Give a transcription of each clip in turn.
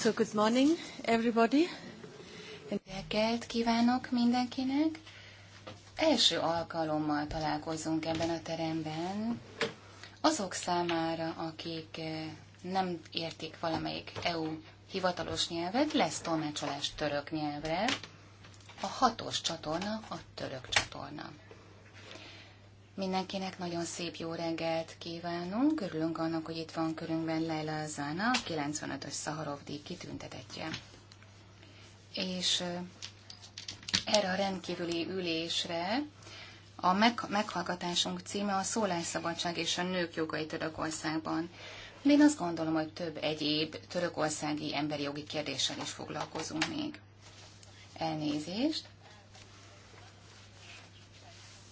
So good morning, everybody. Reggelt kívánok mindenkinek. Első alkalommal találkozunk ebben a teremben. Azok számára, akik eh, nem értik valamelyik EU hivatalos nyelvet, lesz tolmácsolás török nyelvre. A hatos csatorna a török csatorna. Mindenkinek nagyon szép jó reggelt kívánunk. Körülünk annak, hogy itt van körünkben Leila Zána, 95-ös Szaharov díj kitüntetettje. És erre a rendkívüli ülésre a meghallgatásunk címe a Szólásszabadság és a nők jogai Törökországban. én azt gondolom, hogy több egyéb törökországi emberi jogi kérdéssel is foglalkozunk még. Elnézést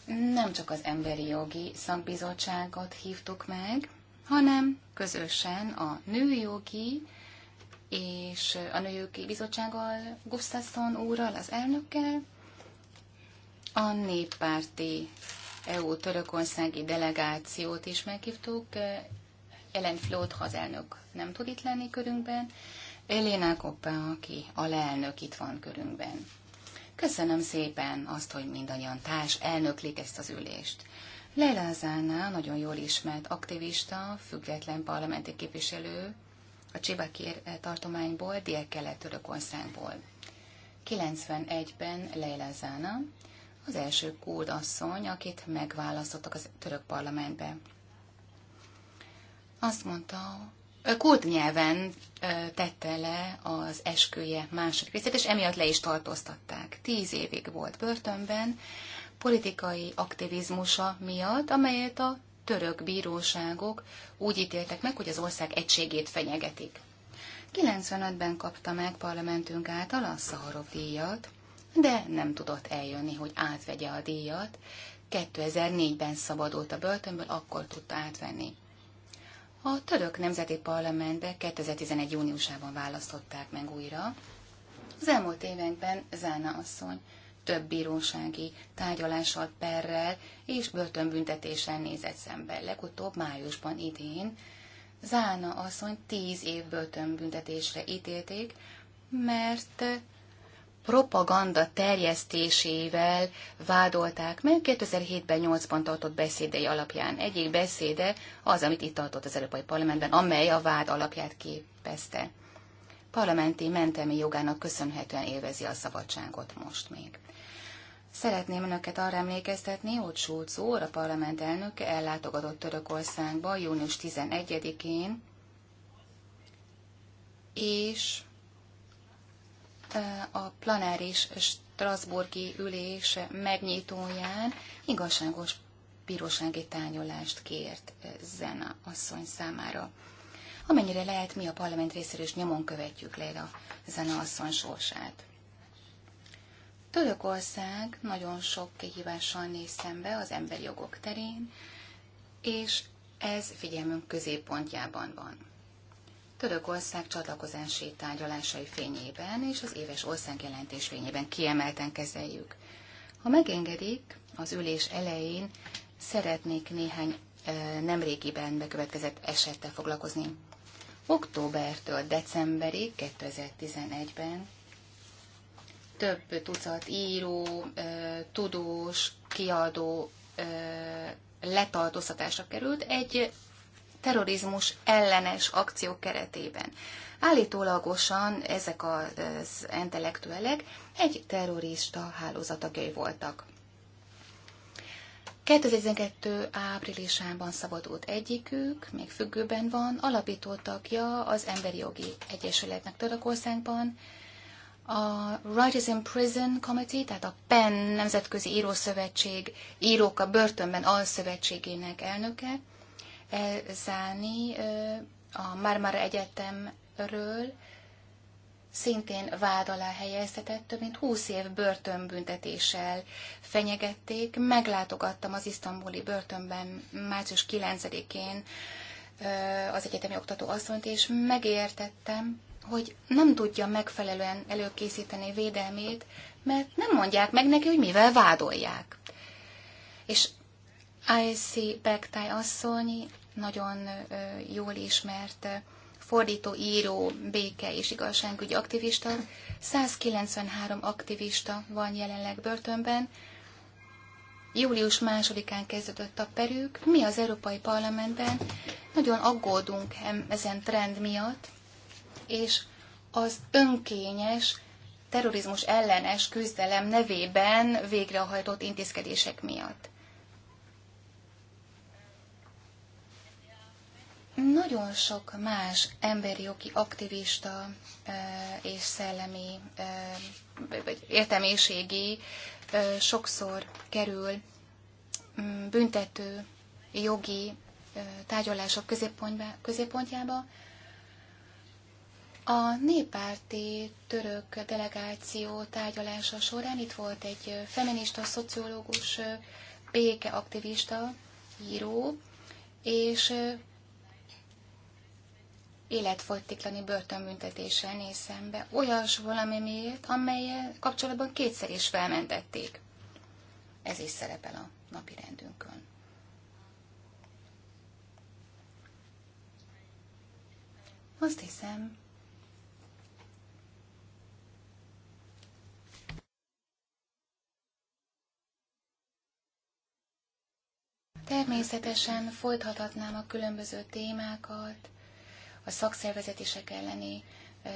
nem csak az Emberi Jogi Szakbizottságot hívtuk meg, hanem közösen a Nőjogi és a Nőjogi Bizottsággal, Gustafsson úrral, az elnökkel, a néppárti EU-törökországi delegációt is meghívtuk, Ellen Flót, ha az elnök nem tud itt lenni körünkben, Elena Koppa, aki alelnök itt van körünkben. Köszönöm szépen azt, hogy mindannyian társ elnöklik ezt az ülést. Leila Zánál nagyon jól ismert aktivista, független parlamenti képviselő a Csibakér tartományból, Dél-Kelet-Törökországból. 91-ben Leila Zána az első kurd asszony, akit megválasztottak a török parlamentbe. Azt mondta, kód nyelven tette le az esküje második részét, és emiatt le is tartóztatták. Tíz évig volt börtönben, politikai aktivizmusa miatt, amelyet a török bíróságok úgy ítéltek meg, hogy az ország egységét fenyegetik. 95-ben kapta meg parlamentünk által a Szaharov díjat, de nem tudott eljönni, hogy átvegye a díjat. 2004-ben szabadult a börtönből, akkor tudta átvenni. A török nemzeti parlamentbe 2011. júniusában választották meg újra. Az elmúlt években Zána asszony több bírósági tárgyalással, perrel és börtönbüntetéssel nézett szembe. Legutóbb májusban idén Zána asszony tíz év börtönbüntetésre ítélték, mert propaganda terjesztésével vádolták meg 2007-ben 8-ban tartott beszédei alapján. Egyik beszéde az, amit itt tartott az Európai Parlamentben, amely a vád alapját képezte. Parlamenti mentelmi jogának köszönhetően élvezi a szabadságot most még. Szeretném önöket arra emlékeztetni, hogy Schulz úr, a parlament elnöke ellátogatott Törökországba június 11-én, és a planáris Strasburgi ülés megnyitóján igazságos bírósági tányolást kért Zena asszony számára. Amennyire lehet, mi a parlament részéről is nyomon követjük le a Zena asszony sorsát. Törökország nagyon sok kihívással néz szembe az emberi jogok terén, és ez figyelmünk középpontjában van. Törökország csatlakozási tárgyalásai fényében és az éves országjelentés fényében kiemelten kezeljük. Ha megengedik, az ülés elején szeretnék néhány nemrégiben bekövetkezett esettel foglalkozni. Októbertől decemberig 2011-ben több tucat író, tudós, kiadó letartóztatásra került egy terrorizmus ellenes akció keretében. Állítólagosan ezek az intellektuelek egy terrorista hálózatagjai voltak. 2012. áprilisában szabadult egyikük, még függőben van, alapító tagja az Emberi Jogi Egyesületnek Törökországban, a Writers in Prison Committee, tehát a PEN Nemzetközi Írószövetség írók a börtönben alszövetségének elnöke, elzálni a Marmara Egyetemről, szintén vád alá helyeztetett, több mint 20 év börtönbüntetéssel fenyegették. Meglátogattam az isztambuli börtönben március 9-én az egyetemi oktató asszonyt, és megértettem, hogy nem tudja megfelelően előkészíteni védelmét, mert nem mondják meg neki, hogy mivel vádolják. És IC Bektály asszony nagyon jól ismert fordító, író, béke és igazságügyi aktivista. 193 aktivista van jelenleg börtönben. Július másodikán kezdődött a perük. Mi az Európai Parlamentben nagyon aggódunk ezen trend miatt, és az önkényes, terrorizmus ellenes küzdelem nevében végrehajtott intézkedések miatt. Nagyon sok más emberi jogi aktivista és szellemi, vagy értelmiségi sokszor kerül mm, büntető jogi tárgyalások középpontjába. A néppárti török delegáció tárgyalása során itt volt egy feminista, szociológus, békeaktivista, író, és életfogytiklani börtönbüntetéssel néz szembe, olyas miért, amelyel kapcsolatban kétszer is felmentették. Ez is szerepel a napi rendünkön. Azt hiszem, Természetesen folytathatnám a különböző témákat, a szakszervezetések elleni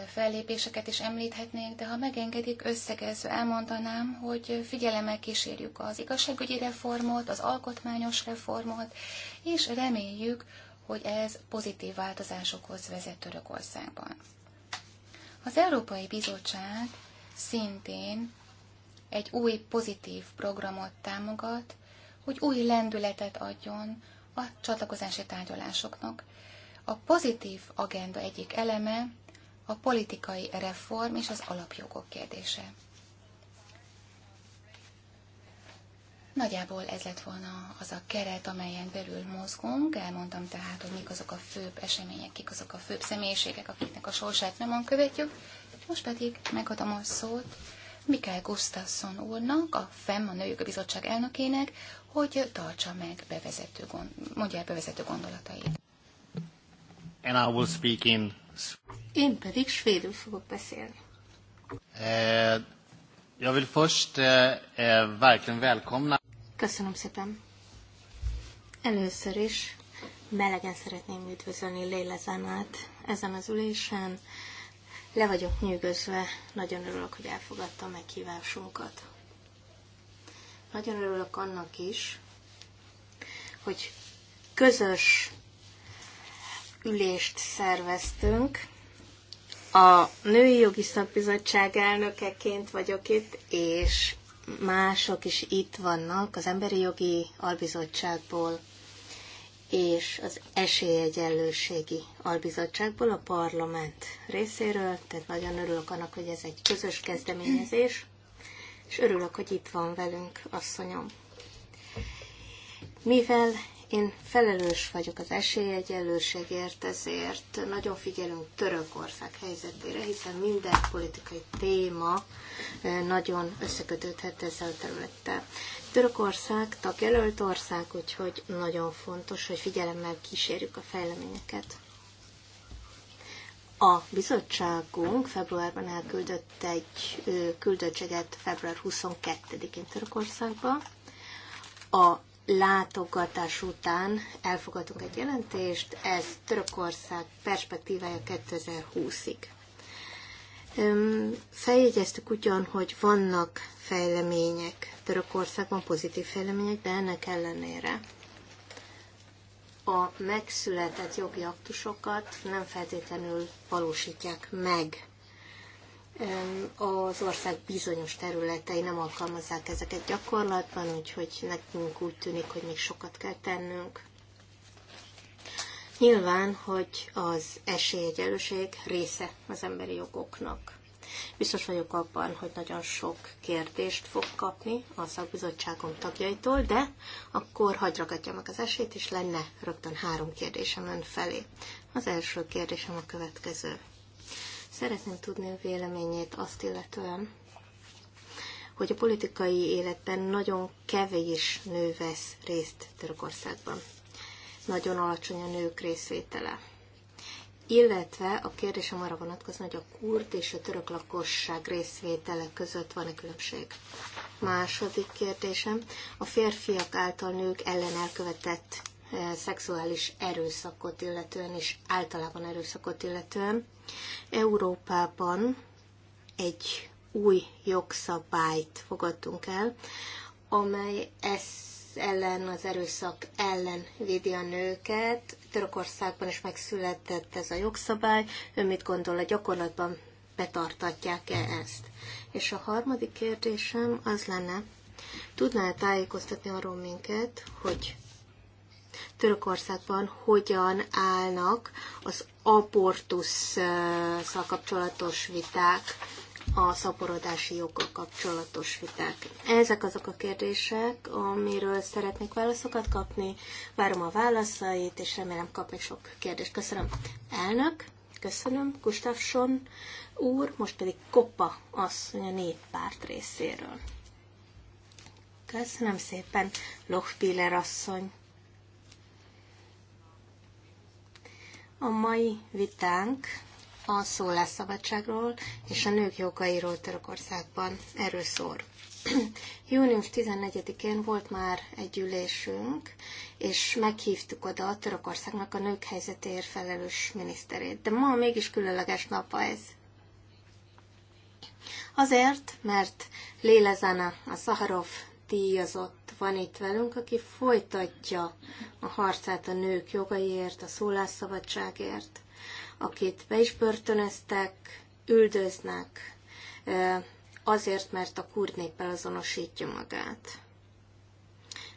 fellépéseket is említhetnék, de ha megengedik, összegezve elmondanám, hogy figyelemmel kísérjük az igazságügyi reformot, az alkotmányos reformot, és reméljük, hogy ez pozitív változásokhoz vezet Törökországban. Az Európai Bizottság szintén egy új pozitív programot támogat, hogy új lendületet adjon a csatlakozási tárgyalásoknak, a pozitív agenda egyik eleme a politikai reform és az alapjogok kérdése. Nagyjából ez lett volna az a keret, amelyen belül mozgunk. Elmondtam tehát, hogy mik azok a főbb események, kik azok a főbb személyiségek, akiknek a sorsát nem követjük. Most pedig megadom a szót Mikael Gustafsson úrnak, a FEM, a Nőjogi Bizottság elnökének, hogy tartsa meg bevezető, mondja el bevezető gondolatait and I will speak in... Én pedig svédül fogok beszélni. Eh, jag vill först eh, eh verkligen välkomna... Köszönöm szépen. Először is melegen szeretném üdvözölni Léla Zanát ezen az ülésen. Le vagyok nyűgözve, nagyon örülök, hogy elfogadta a meghívásunkat. Nagyon örülök annak is, hogy közös ülést szerveztünk. A Női Jogi Szakbizottság elnökeként vagyok itt, és mások is itt vannak az Emberi Jogi Albizottságból és az Esélyegyenlőségi Albizottságból a parlament részéről, tehát nagyon örülök annak, hogy ez egy közös kezdeményezés, és örülök, hogy itt van velünk, asszonyom. Mivel én felelős vagyok az esélyegyelőségért, ezért nagyon figyelünk Törökország helyzetére, hiszen minden politikai téma eh, nagyon összekötődhet ezzel a területtel. Törökország tagjelölt ország, úgyhogy nagyon fontos, hogy figyelemmel kísérjük a fejleményeket. A bizottságunk februárban elküldött egy eh, küldöttséget február 22-én Törökországba. A látogatás után elfogadunk egy jelentést, ez Törökország perspektívája 2020-ig. Feljegyeztük ugyan, hogy vannak fejlemények Törökországban, pozitív fejlemények, de ennek ellenére a megszületett jogi aktusokat nem feltétlenül valósítják meg az ország bizonyos területei nem alkalmazzák ezeket gyakorlatban, úgyhogy nekünk úgy tűnik, hogy még sokat kell tennünk. Nyilván, hogy az esélyegyelőség része az emberi jogoknak. Biztos vagyok abban, hogy nagyon sok kérdést fog kapni a szakbizottságom tagjaitól, de akkor hagyd ragadja meg az esélyt, és lenne rögtön három kérdésem ön felé. Az első kérdésem a következő. Szeretném tudni a véleményét azt illetően, hogy a politikai életben nagyon kevés nő vesz részt Törökországban. Nagyon alacsony a nők részvétele. Illetve a kérdésem arra vonatkozna, hogy a kurt és a török lakosság részvétele között van-e különbség. Második kérdésem, a férfiak által nők ellen elkövetett szexuális erőszakot illetően, és általában erőszakot illetően. Európában egy új jogszabályt fogadtunk el, amely ez ellen, az erőszak ellen védi a nőket. Törökországban is megszületett ez a jogszabály. Ön mit gondol, a gyakorlatban betartatják-e ezt? És a harmadik kérdésem az lenne, tudná -e tájékoztatni arról minket, hogy Törökországban hogyan állnak az abortusszal kapcsolatos viták, a szaporodási joggal kapcsolatos viták. Ezek azok a kérdések, amiről szeretnék válaszokat kapni. Várom a válaszait, és remélem kapni sok kérdést. Köszönöm. Elnök, köszönöm, Gustafsson úr, most pedig Koppa asszony a néppárt részéről. Köszönöm szépen, Lochpiller asszony. A mai vitánk a szólásszabadságról és a nők jogairól Törökországban erről szól. Június 14-én volt már egy ülésünk, és meghívtuk oda a Törökországnak a nők helyzetéért felelős miniszterét. De ma mégis különleges nap ez. Azért, mert Lélezana a Szaharov díjazott van itt velünk, aki folytatja a harcát a nők jogaiért, a szólásszabadságért, akit be is börtönöztek, üldöznek, azért, mert a kurd néppel azonosítja magát.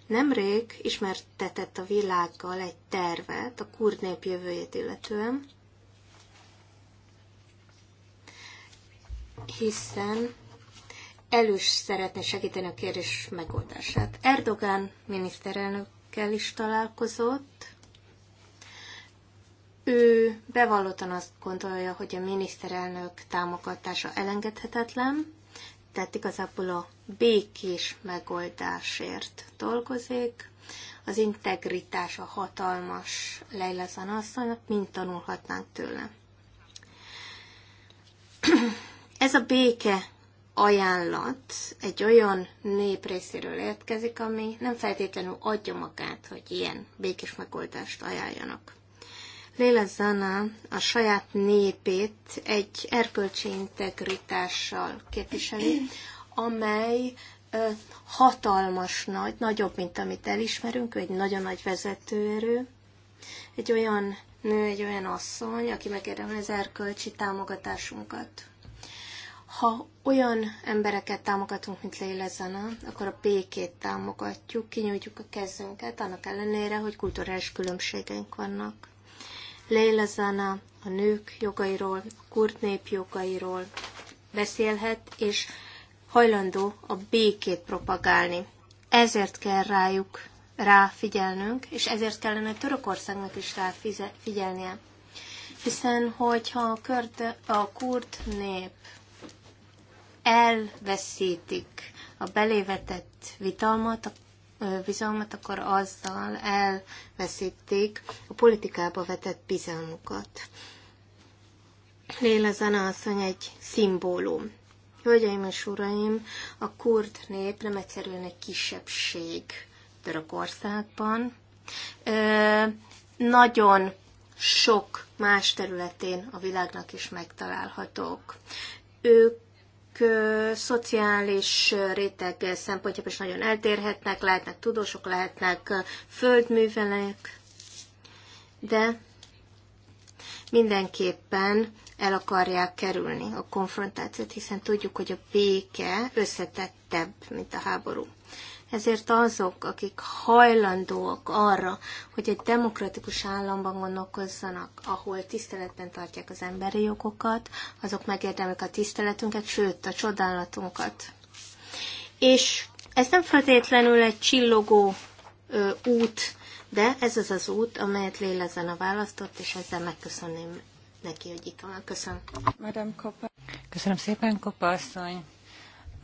Nemrég ismertetett a világgal egy tervet a kurd nép jövőjét illetően, hiszen elős szeretné segíteni a kérdés megoldását. Erdogán miniszterelnökkel is találkozott. Ő bevallottan azt gondolja, hogy a miniszterelnök támogatása elengedhetetlen, tehát igazából a békés megoldásért dolgozik. Az integritás a hatalmas Leila Zanasszonynak, mint tanulhatnánk tőle. Ez a béke ajánlat egy olyan nép részéről érkezik, ami nem feltétlenül adja magát, hogy ilyen békés megoldást ajánljanak. Léla Zana a saját népét egy erkölcsi integritással képviseli, amely hatalmas nagy, nagyobb, mint amit elismerünk, egy nagyon nagy vezetőerő, egy olyan nő, egy olyan asszony, aki megérdemli az erkölcsi támogatásunkat. Ha olyan embereket támogatunk, mint Leila Zana, akkor a békét támogatjuk, kinyújtjuk a kezünket, annak ellenére, hogy kulturális különbségeink vannak. Leila Zana a nők jogairól, a kurt nép jogairól beszélhet, és hajlandó a békét propagálni. Ezért kell rájuk ráfigyelnünk, és ezért kellene Törökországnak is ráfigyelnie. Hiszen, hogyha a, körd, a kurt nép elveszítik a belévetett vitalmat, a bizalmat, akkor azzal elveszítik a politikába vetett bizalmukat. Léla Zana asszony egy szimbólum. Hölgyeim és uraim, a kurd nép nem egyszerűen egy kisebbség Törökországban. Ö, nagyon sok más területén a világnak is megtalálhatók. Ők szociális réteg szempontjából is nagyon eltérhetnek, lehetnek tudósok, lehetnek földművelek, de mindenképpen el akarják kerülni a konfrontációt, hiszen tudjuk, hogy a béke összetettebb, mint a háború. Ezért azok, akik hajlandóak arra, hogy egy demokratikus államban gondolkozzanak, ahol tiszteletben tartják az emberi jogokat, azok megérdemlik a tiszteletünket, sőt a csodálatunkat. És ez nem feltétlenül egy csillogó ö, út, de ez az az út, amelyet lélezen a választott, és ezzel megköszönném neki, hogy itt van. Köszönöm. Madame Kopa. Köszönöm szépen, Kopa asszony.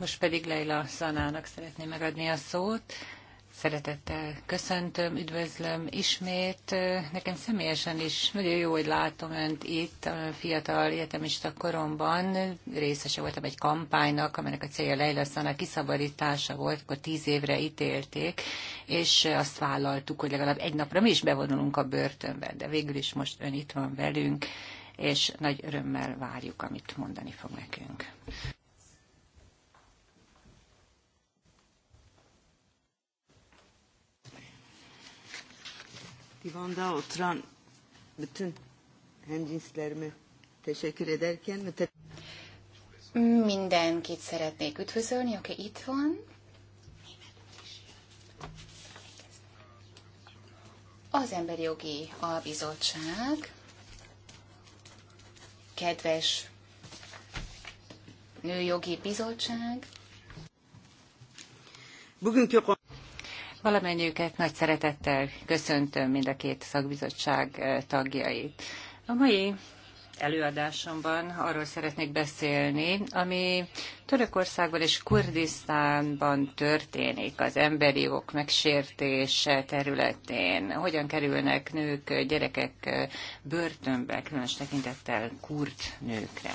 Most pedig Leila Szanának szeretném megadni a szót. Szeretettel köszöntöm, üdvözlöm ismét. Nekem személyesen is nagyon jó, hogy látom Önt itt, a fiatal egyetemista koromban. Részese voltam egy kampánynak, amelynek a célja Leila Szana kiszabadítása volt, akkor tíz évre ítélték, és azt vállaltuk, hogy legalább egy napra mi is bevonulunk a börtönbe, de végül is most Ön itt van velünk, és nagy örömmel várjuk, amit mondani fog nekünk. divanda oturan bütün hemcinslerimi teşekkür ederken müte- Mindenkit szeretnék üdvözölni, aki itt van. Az Emberi Jogi Albizottság kedves Nőjogi Bizottság. Bugünkü Valamennyiüket nagy szeretettel köszöntöm mind a két szakbizottság eh, tagjait. A mai előadásomban arról szeretnék beszélni, ami Törökországban és Kurdisztánban történik az emberi jogok megsértése területén. Hogyan kerülnek nők, gyerekek eh, börtönbe, különös tekintettel kurd nőkre.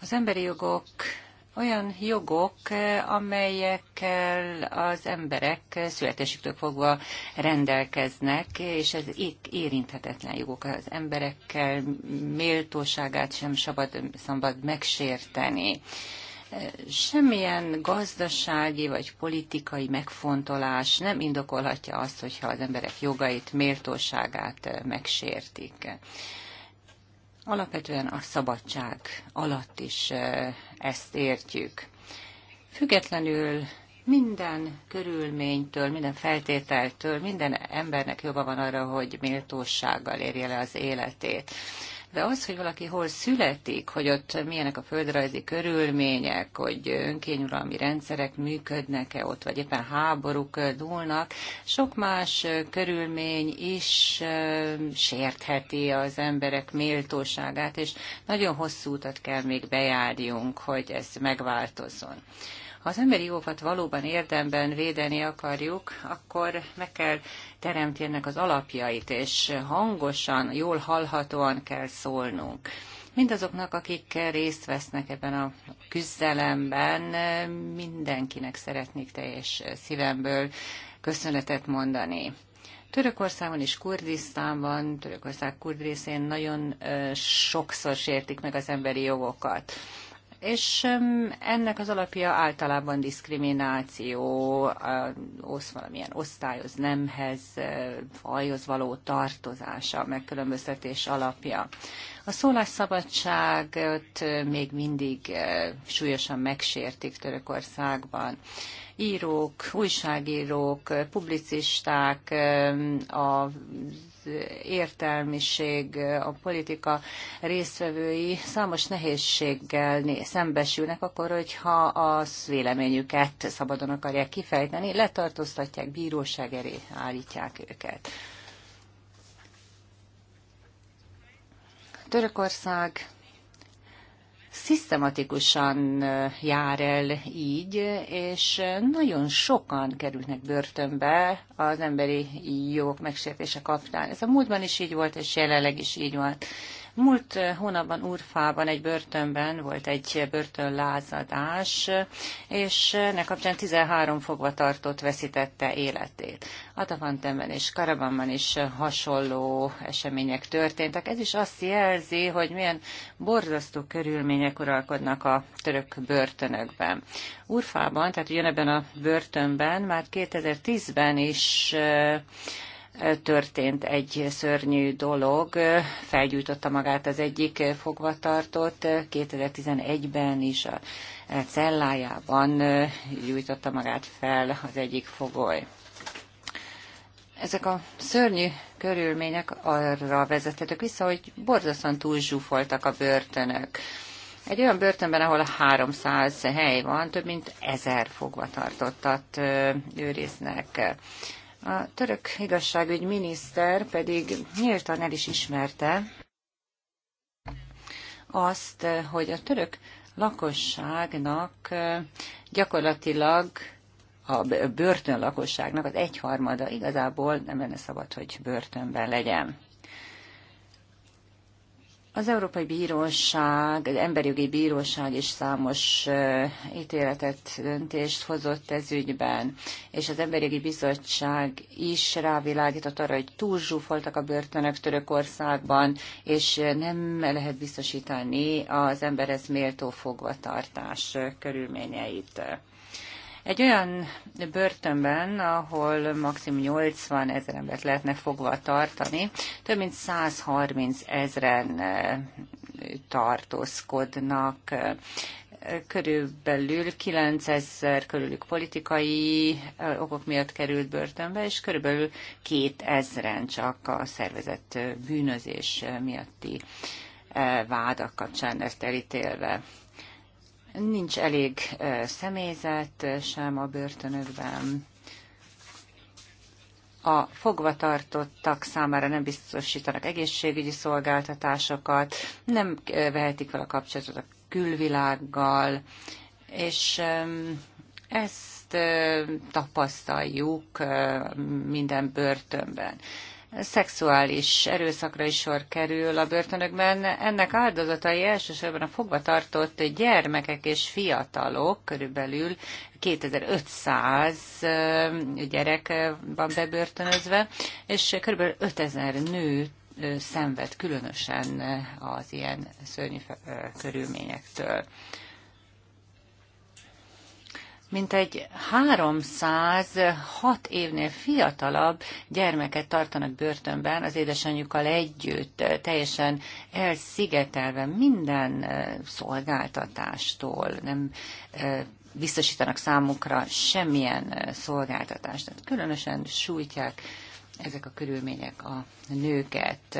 Az emberi jogok olyan jogok, eh, amelyekkel az emberek születésüktől fogva rendelkeznek, és ez érinthetetlen jogok. Az emberekkel méltóságát sem szabad, szabad megsérteni eh, semmilyen gazdasági vagy politikai megfontolás nem indokolhatja azt, hogyha az emberek jogait, méltóságát eh, megsértik alapvetően a szabadság alatt is ezt értjük. Függetlenül minden körülménytől, minden feltételtől, minden embernek joga van arra, hogy méltósággal érje le az életét de az, hogy valaki hol születik, hogy ott milyenek a földrajzi körülmények, hogy önkényuralmi rendszerek működnek-e ott, vagy éppen háborúk dúlnak, sok más körülmény is sértheti az emberek méltóságát, és nagyon hosszú utat kell még bejárjunk, hogy ez megváltozzon. Ha az emberi jogokat valóban érdemben védeni akarjuk, akkor meg kell teremti ennek az alapjait, és hangosan, jól hallhatóan kell szólnunk mindazoknak, akik részt vesznek ebben a küzdelemben, mindenkinek szeretnék teljes szívemből köszönetet mondani. Törökországban és Kurdisztánban, Törökország kurd részén nagyon sokszor sértik meg az emberi jogokat és ennek az alapja általában diszkrimináció, osz valamilyen osztályoz nemhez, e, fajhoz való tartozása, megkülönböztetés alapja. A szólásszabadságot e, még mindig e, súlyosan megsértik Törökországban. Írók, újságírók, publicisták, a értelmiség, a politika résztvevői számos nehézséggel szembesülnek akkor, hogyha az véleményüket szabadon akarják kifejteni, letartóztatják, bíróság elé állítják őket. Törökország szisztematikusan jár el így, és nagyon sokan kerülnek börtönbe az emberi jogok megsértése kapcsán. Ez a múltban is így volt, és jelenleg is így van. Múlt hónapban Urfában egy börtönben volt egy börtönlázadás, és ennek kapcsán 13 tartott veszítette életét. Atafantemben és Karabamban is hasonló események történtek. Ez is azt jelzi, hogy milyen borzasztó körülmények uralkodnak a török börtönökben. Urfában, tehát ugyanebben a börtönben már 2010-ben is történt egy szörnyű dolog, felgyújtotta magát az egyik fogvatartott, 2011-ben is a cellájában gyújtotta magát fel az egyik fogoly. Ezek a szörnyű körülmények arra vezethetők vissza, hogy borzasztóan túlzsúfoltak a börtönök. Egy olyan börtönben, ahol 300 hely van, több mint 1000 fogvatartottat őriznek. A török igazságügy miniszter pedig nyíltan el is ismerte azt, hogy a török lakosságnak gyakorlatilag a börtön lakosságnak az egyharmada igazából nem lenne szabad, hogy börtönben legyen. Az Európai Bíróság, az emberi jogi Bíróság is számos ítéletet, döntést hozott ez ügyben, és az Jogi Bizottság is rávilágított arra, hogy túl zsúfoltak a börtönök Törökországban, és nem lehet biztosítani az emberhez méltó fogvatartás körülményeit. Egy olyan börtönben, ahol maximum 80 ezer embert lehetne fogva tartani, több mint 130 ezeren eh, tartózkodnak körülbelül 9000 körülük politikai eh, okok miatt került börtönbe, és körülbelül 2 ezeren csak a szervezett bűnözés miatti eh, vádak kapcsán ezt elítélve. Nincs elég személyzet sem a börtönökben. A fogvatartottak számára nem biztosítanak egészségügyi szolgáltatásokat, nem vehetik fel a kapcsolatot a külvilággal, és ezt tapasztaljuk minden börtönben szexuális erőszakra is sor kerül a börtönökben. Ennek áldozatai elsősorban a fogvatartott gyermekek és fiatalok, körülbelül 2500 gyerek van bebörtönözve, és körülbelül 5000 nő szenved különösen az ilyen szörnyű körülményektől mint egy 306 évnél fiatalabb gyermeket tartanak börtönben az édesanyjukkal együtt, teljesen elszigetelve minden eh, szolgáltatástól, nem eh, biztosítanak számukra semmilyen eh, szolgáltatást. Tehát különösen sújtják ezek a körülmények a nőket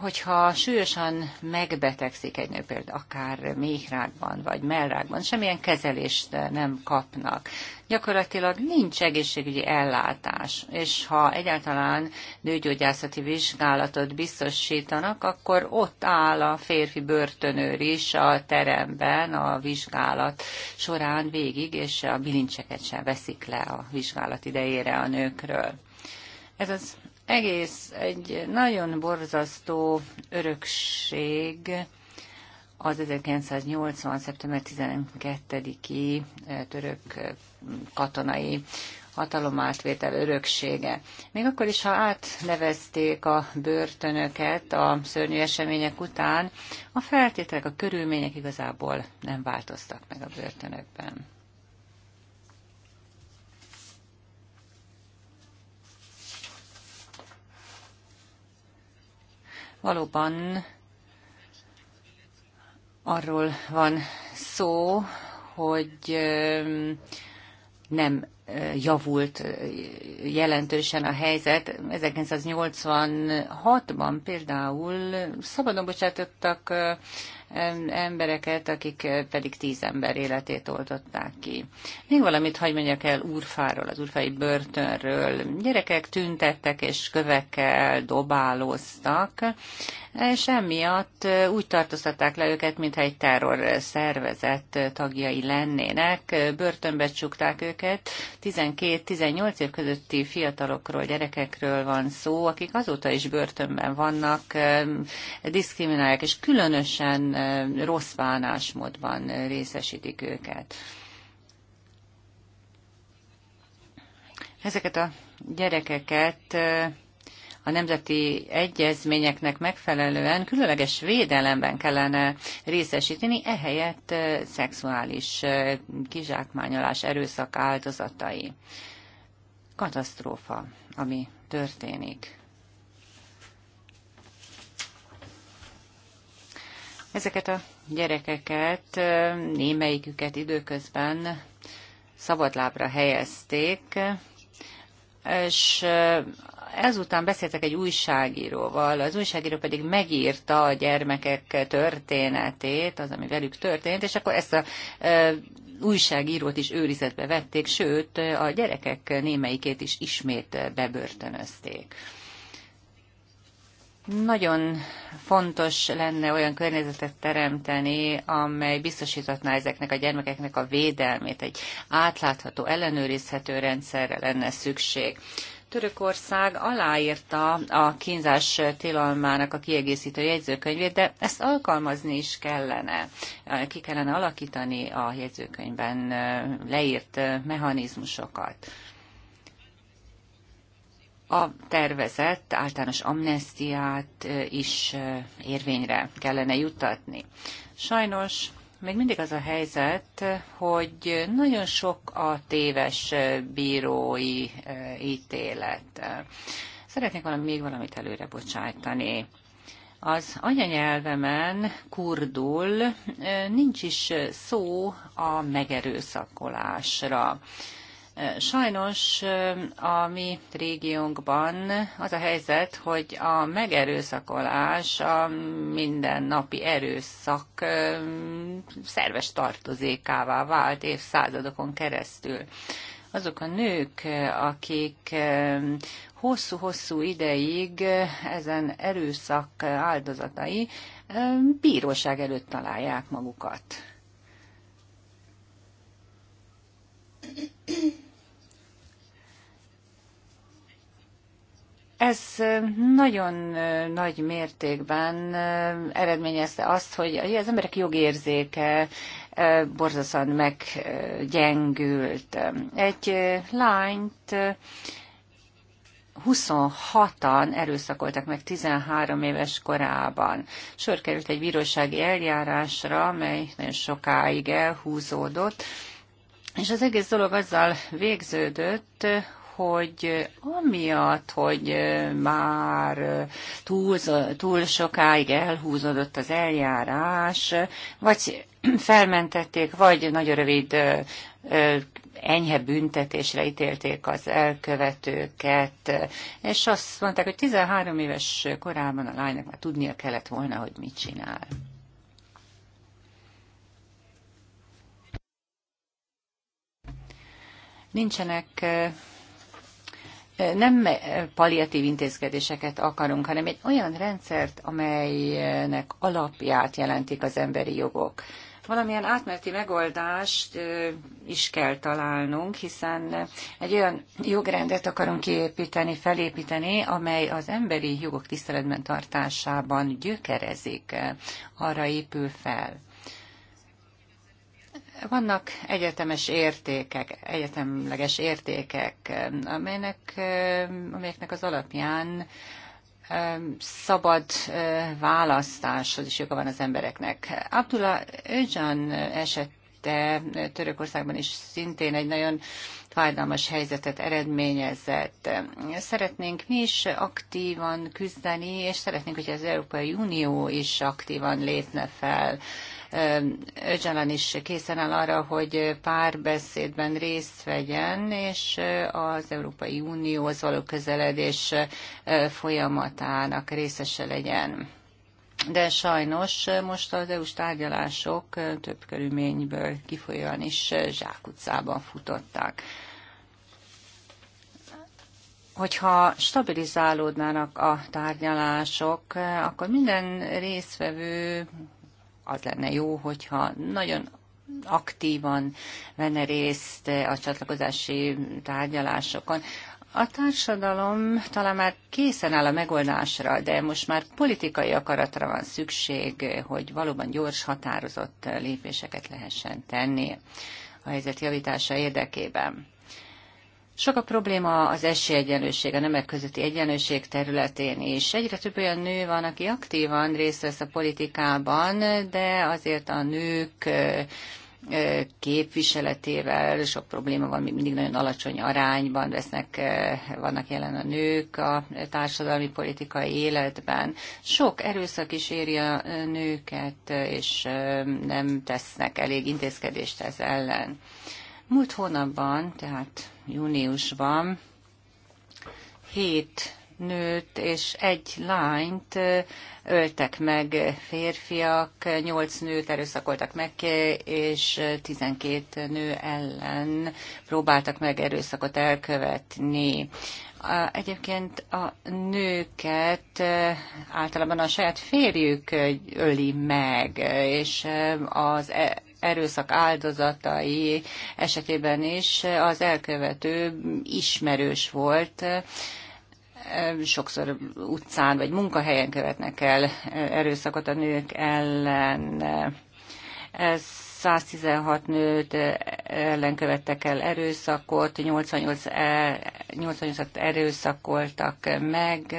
hogyha súlyosan megbetegszik egy nő például akár méhrákban vagy mellrákban, semmilyen kezelést nem kapnak. Gyakorlatilag nincs egészségügyi ellátás, és ha egyáltalán nőgyógyászati vizsgálatot biztosítanak, akkor ott áll a férfi börtönőr is a teremben a vizsgálat során végig, és a bilincseket sem veszik le a vizsgálat idejére a nőkről. Ez az egész egy nagyon borzasztó örökség az 1980. szeptember 12-i török katonai hatalomátvétel öröksége. Még akkor is, ha átnevezték a börtönöket a szörnyű események után, a feltételek, a körülmények igazából nem változtak meg a börtönökben. Valóban arról van szó, hogy nem javult jelentősen a helyzet. 1986-ban például szabadon bocsátottak embereket, akik eh, pedig tíz ember életét oltották ki. Még valamit hagy mondjak el Urfáról, az urfai börtönről. Gyerekek tüntettek és kövekkel dobálóztak, és emiatt eh, úgy tartóztatták le őket, mintha egy terror szervezet tagjai lennének. Börtönbe csukták őket. 12-18 év közötti fiatalokról, gyerekekről van szó, akik azóta is börtönben vannak, diszkriminálják, és különösen rossz bánásmódban részesítik őket. Ezeket a gyerekeket a nemzeti egyezményeknek megfelelően különleges védelemben kellene részesíteni, ehelyett szexuális kizsákmányolás erőszak áldozatai. Katasztrófa, ami történik. Ezeket a gyerekeket, némelyiküket időközben szabadlábra helyezték, és ezután beszéltek egy újságíróval, az újságíró pedig megírta a gyermekek történetét, az, ami velük történt, és akkor ezt a újságírót is őrizetbe vették, sőt, a gyerekek némelyikét is ismét bebörtönözték. Nagyon fontos lenne olyan környezetet teremteni, amely biztosítatná ezeknek a gyermekeknek a védelmét. Egy átlátható, ellenőrizhető rendszerre lenne szükség. Törökország aláírta a kínzás tilalmának a kiegészítő jegyzőkönyvét, de ezt alkalmazni is kellene. Ki kellene alakítani a jegyzőkönyvben leírt mechanizmusokat a tervezett általános amnestiát is érvényre kellene juttatni. Sajnos még mindig az a helyzet, hogy nagyon sok a téves bírói ítélet. Szeretnék valami, még valamit előre bocsájtani. Az anyanyelvemen, kurdul, nincs is szó a megerőszakolásra. Sajnos a mi régiónkban az a helyzet, hogy a megerőszakolás, a mindennapi erőszak szerves tartozékává vált évszázadokon keresztül. Azok a nők, akik hosszú-hosszú ideig ezen erőszak áldozatai bíróság előtt találják magukat. Ez nagyon nagy mértékben eredményezte azt, hogy az emberek jogérzéke borzasztóan meggyengült. Egy lányt 26-an erőszakoltak meg 13 éves korában. Sor került egy bírósági eljárásra, mely nagyon sokáig elhúzódott, és az egész dolog azzal végződött, hogy amiatt, hogy már túl, túl sokáig elhúzódott az eljárás, vagy felmentették, vagy nagyon rövid enyhe büntetésre ítélték az elkövetőket, és azt mondták, hogy 13 éves korában a lánynak már tudnia kellett volna, hogy mit csinál. Nincsenek nem palliatív intézkedéseket akarunk, hanem egy olyan rendszert, amelynek alapját jelentik az emberi jogok. Valamilyen átmeneti megoldást is kell találnunk, hiszen egy olyan jogrendet akarunk kiépíteni, felépíteni, amely az emberi jogok tiszteletben tartásában gyökerezik, arra épül fel vannak egyetemes értékek, egyetemleges értékek, amelynek, amelyeknek az alapján szabad választáshoz is joga van az embereknek. Abdullah Öcan esette Törökországban is szintén egy nagyon fájdalmas helyzetet eredményezett. Szeretnénk mi is aktívan küzdeni, és szeretnénk, hogy az Európai Unió is aktívan lépne fel Öcsalan is készen áll arra, hogy párbeszédben részt vegyen, és az Európai Unióhoz való közeledés folyamatának részese legyen. De sajnos most az EU-s tárgyalások több körülményből kifolyóan is zsákutcában futották hogyha stabilizálódnának a tárgyalások, akkor minden részvevő az lenne jó, hogyha nagyon aktívan venne részt a csatlakozási tárgyalásokon. A társadalom talán már készen áll a megoldásra, de most már politikai akaratra van szükség, hogy valóban gyors, határozott lépéseket lehessen tenni a helyzet javítása érdekében. Sok a probléma az esélyegyenlőség, a nemek közötti egyenlőség területén is. Egyre több olyan nő van, aki aktívan részt vesz a politikában, de azért a nők képviseletével sok probléma van, mindig nagyon alacsony arányban vesznek, vannak jelen a nők a társadalmi politikai életben. Sok erőszak is éri a nőket, és nem tesznek elég intézkedést ez ellen. Múlt hónapban, tehát júniusban hét nőt és egy lányt öltek meg férfiak, nyolc nőt erőszakoltak meg, és tizenkét nő ellen próbáltak meg erőszakot elkövetni. Egyébként a nőket általában a saját férjük öli meg, és az e- erőszak áldozatai esetében is az elkövető ismerős volt, sokszor utcán vagy munkahelyen követnek el erőszakot a nők ellen. Ez 116 nőt ellen követtek el erőszakot, 88, 88 e, erőszakoltak meg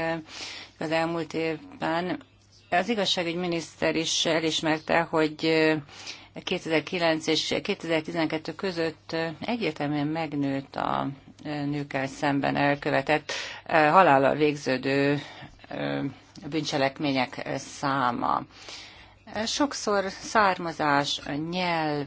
az elmúlt évben. Az igazságügyminiszter is elismerte, hogy 2009 és 2012 között egyértelműen megnőtt a nőkkel szemben elkövetett halállal végződő bűncselekmények száma. Sokszor származás, nyelv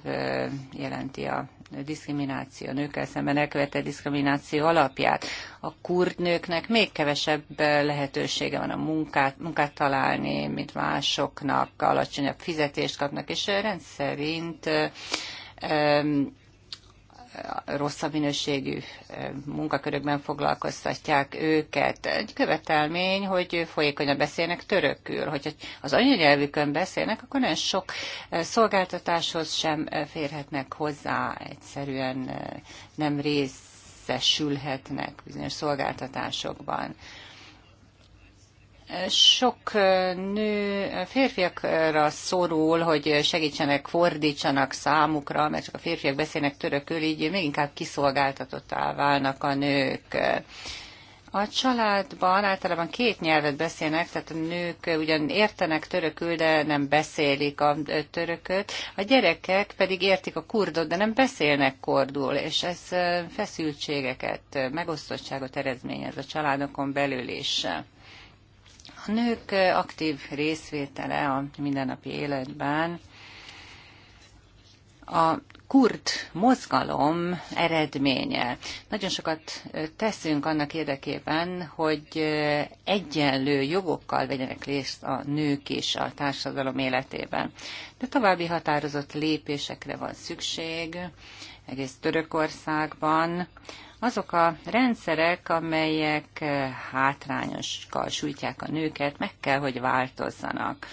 jelenti a diszkrimináció, nőkkel szemben elkövetett diszkrimináció alapját. A kurd nőknek még kevesebb lehetősége van a munkát, munkát találni, mint másoknak, alacsonyabb fizetést kapnak, és rendszerint rosszabb minőségű munkakörökben foglalkoztatják őket. Egy követelmény, hogy folyékonyan beszélnek törökül. Hogyha az anyanyelvükön beszélnek, akkor nagyon sok szolgáltatáshoz sem férhetnek hozzá, egyszerűen nem részesülhetnek bizonyos szolgáltatásokban sok nő férfiakra szorul, hogy segítsenek, fordítsanak számukra, mert csak a férfiak beszélnek törökül, így még inkább kiszolgáltatottá válnak a nők. A családban általában két nyelvet beszélnek, tehát a nők ugyan értenek törökül, de nem beszélik a törököt, a gyerekek pedig értik a kurdot, de nem beszélnek kordul, és ez feszültségeket, megosztottságot eredményez a családokon belül is. A nők aktív részvétele a mindennapi életben a kurt mozgalom eredménye. Nagyon sokat teszünk annak érdekében, hogy egyenlő jogokkal vegyenek részt a nők is a társadalom életében. De további határozott lépésekre van szükség egész Törökországban. Azok a rendszerek, amelyek eh, hátrányoskal sújtják a nőket, meg kell, hogy változzanak.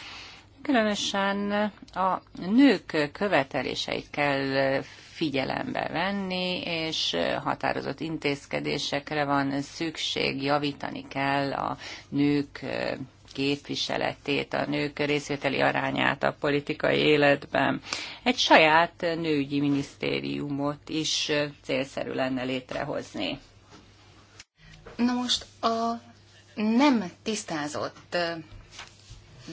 Különösen a nők követeléseit kell figyelembe venni, és határozott intézkedésekre van szükség, javítani kell a nők eh, képviseletét, a nők részvételi arányát a politikai életben. Egy saját nőügyi minisztériumot is célszerű lenne létrehozni. Na most a nem tisztázott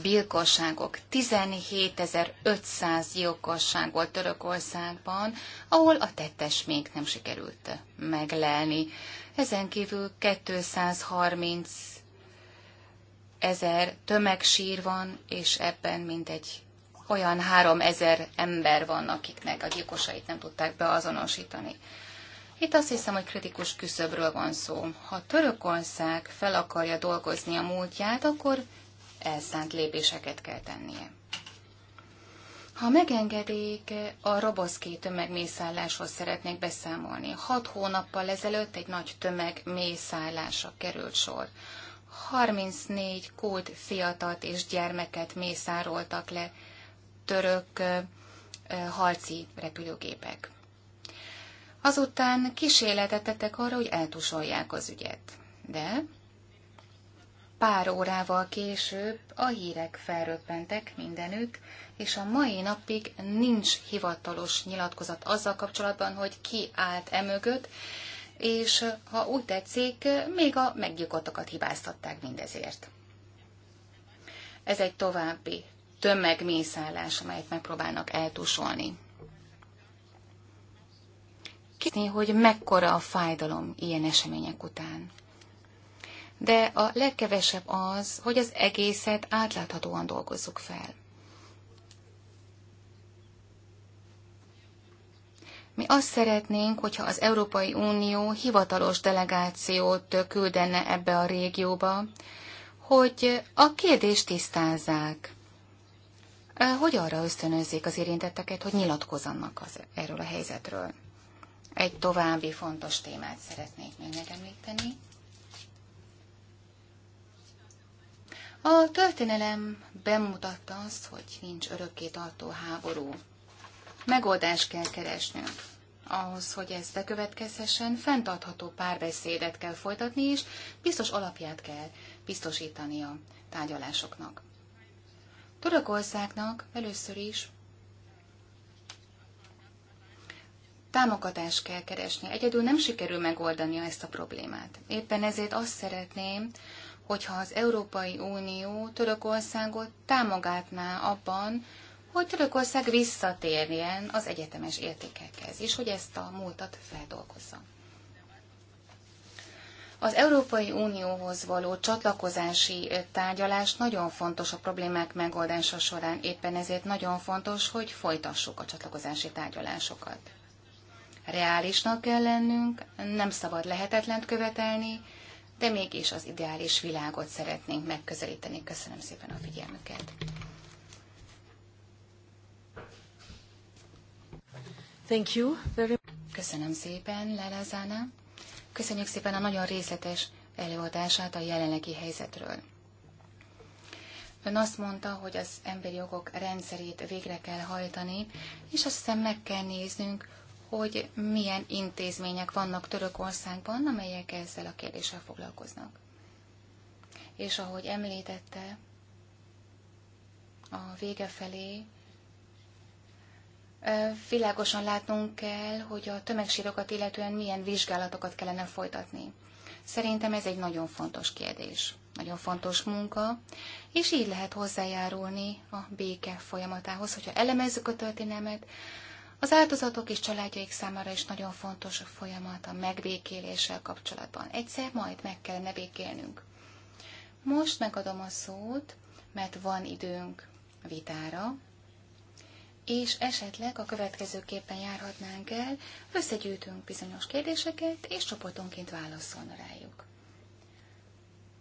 bilkosságok 17.500 gyilkosság volt Törökországban, ahol a tettes még nem sikerült meglelni. Ezen kívül 230 ezer tömegsír van, és ebben mindegy olyan három ezer ember van, akiknek a gyilkosait nem tudták beazonosítani. Itt azt hiszem, hogy kritikus küszöbről van szó. Ha Törökország fel akarja dolgozni a múltját, akkor elszánt lépéseket kell tennie. Ha megengedik, a roboszki tömegmészálláshoz szeretnék beszámolni. Hat hónappal ezelőtt egy nagy tömegmészállásra került sor. 34 kód fiatalt és gyermeket mészároltak le török harci repülőgépek. Azután kísérletet tettek arra, hogy eltusolják az ügyet. De pár órával később a hírek felröppentek mindenütt, és a mai napig nincs hivatalos nyilatkozat azzal kapcsolatban, hogy ki állt emögött, és eh, ha úgy tetszik, még a meggyilkoltakat hibáztatták mindezért. Ez egy további tömegmészállás, amelyet megpróbálnak eltusolni. Kérdezni, hogy mekkora a fájdalom ilyen események után. De a legkevesebb az, hogy az egészet átláthatóan dolgozzuk fel. Mi azt szeretnénk, hogyha az Európai Unió hivatalos delegációt küldene ebbe a régióba, hogy a kérdést tisztázzák. Hogy arra ösztönözzék az érintetteket, hogy nyilatkozzanak az, erről a helyzetről? Egy további fontos témát szeretnék még megemlíteni. A történelem bemutatta azt, hogy nincs örökké tartó háború. Megoldást kell keresnünk. Ahhoz, hogy ez bekövetkezhessen, fenntartható párbeszédet kell folytatni, és biztos alapját kell biztosítani a tárgyalásoknak. Törökországnak először is támogatást kell keresni. Egyedül nem sikerül megoldania ezt a problémát. Éppen ezért azt szeretném, hogyha az Európai Unió Törökországot támogatná abban, hogy Törökország visszatérjen az egyetemes értékekhez, és hogy ezt a múltat feldolgozza. Az Európai Unióhoz való csatlakozási tárgyalás nagyon fontos a problémák megoldása során, éppen ezért nagyon fontos, hogy folytassuk a csatlakozási tárgyalásokat. Reálisnak kell lennünk, nem szabad lehetetlent követelni, de mégis az ideális világot szeretnénk megközelíteni. Köszönöm szépen a figyelmüket! Thank you very... Köszönöm szépen, Lelezána. Köszönjük szépen a nagyon részletes előadását a jelenlegi helyzetről. Ön azt mondta, hogy az emberi jogok rendszerét végre kell hajtani, és azt hiszem meg kell néznünk, hogy milyen intézmények vannak Törökországban, amelyek ezzel a kérdéssel foglalkoznak. És ahogy említette, a vége felé Világosan látnunk kell, hogy a tömegsírokat illetően milyen vizsgálatokat kellene folytatni. Szerintem ez egy nagyon fontos kérdés, nagyon fontos munka, és így lehet hozzájárulni a béke folyamatához, hogyha elemezzük a történelmet, az áldozatok és családjaik számára is nagyon fontos a folyamat a megbékéléssel kapcsolatban. Egyszer majd meg kellene békélnünk. Most megadom a szót, mert van időnk vitára, és esetleg a következőképpen járhatnánk el, összegyűjtünk bizonyos kérdéseket, és csoportonként válaszolna rájuk.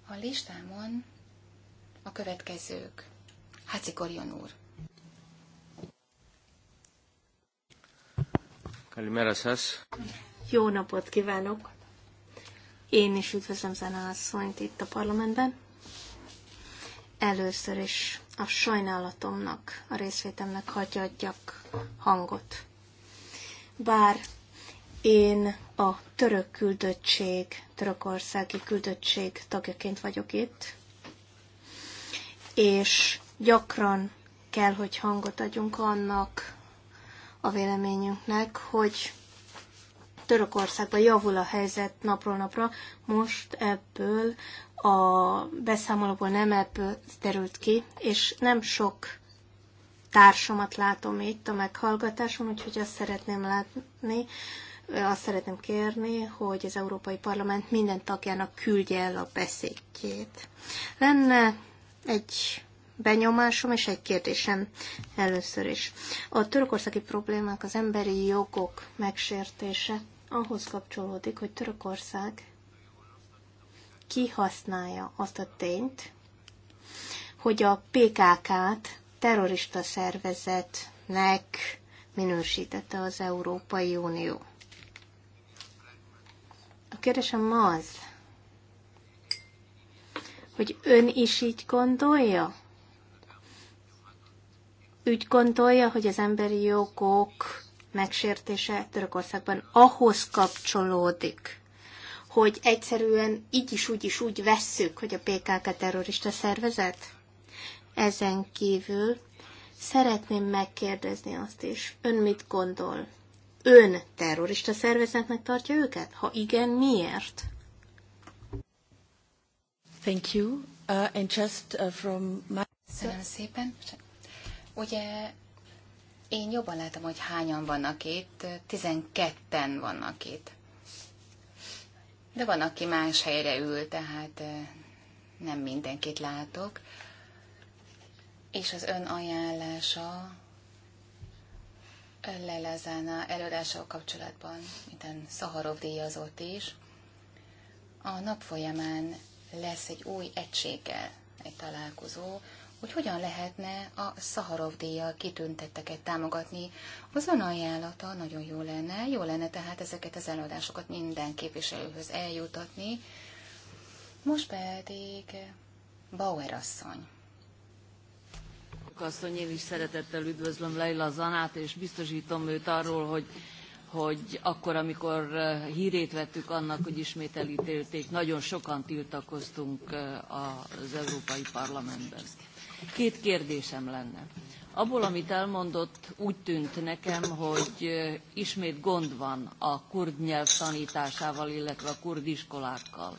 A listámon a következők. Hacikorion úr. Jó napot kívánok! Én is üdvözlöm Zene asszonyt itt a parlamentben. Először is a sajnálatomnak, a részvétemnek hagyjadjak hangot. Bár én a török küldöttség, törökországi küldöttség tagjaként vagyok itt, és gyakran kell, hogy hangot adjunk annak a véleményünknek, hogy Törökországban javul a helyzet napról napra, most ebből a beszámolóból nem ebből terült ki, és nem sok társamat látom itt a meghallgatáson, úgyhogy azt szeretném látni, azt szeretném kérni, hogy az Európai Parlament minden tagjának küldje el a beszédjét. Lenne egy benyomásom és egy kérdésem először is. A törökországi problémák az emberi jogok megsértése ahhoz kapcsolódik, hogy Törökország kihasználja azt a tényt, hogy a PKK-t terrorista szervezetnek minősítette az Európai Unió. A kérdésem az, hogy ön is így gondolja? Úgy gondolja, hogy az emberi jogok megsértése Törökországban ahhoz kapcsolódik, hogy egyszerűen így is úgy is úgy vesszük, hogy a PKK terrorista szervezet? Ezen kívül szeretném megkérdezni azt is, ön mit gondol? Ön terrorista szervezetnek tartja őket? Ha igen, miért? Thank you. Uh, and just uh, from my... Köszönöm szépen. Ugye én jobban látom, hogy hányan vannak itt, Tizenketten vannak itt. De van, aki más helyre ül, tehát nem mindenkit látok. És az ön ajánlása Lelezána előadással kapcsolatban, minden Szaharov díjazott is, a nap folyamán lesz egy új egységgel egy találkozó, hogy hogyan lehetne a Szaharov díjjal kitüntetteket támogatni. Az ön ajánlata nagyon jó lenne, jó lenne tehát ezeket az előadásokat minden képviselőhöz eljutatni. Most pedig Bauer asszony. Asszony, én is szeretettel üdvözlöm Leila Zanát, és biztosítom őt arról, hogy hogy akkor, amikor eh, hírét vettük annak, hogy ismét elítélték, nagyon sokan tiltakoztunk eh, az Európai Parlamentben. Két kérdésem lenne. Abból, amit elmondott, úgy tűnt nekem, hogy ismét gond van a kurd nyelv tanításával, illetve a kurd iskolákkal.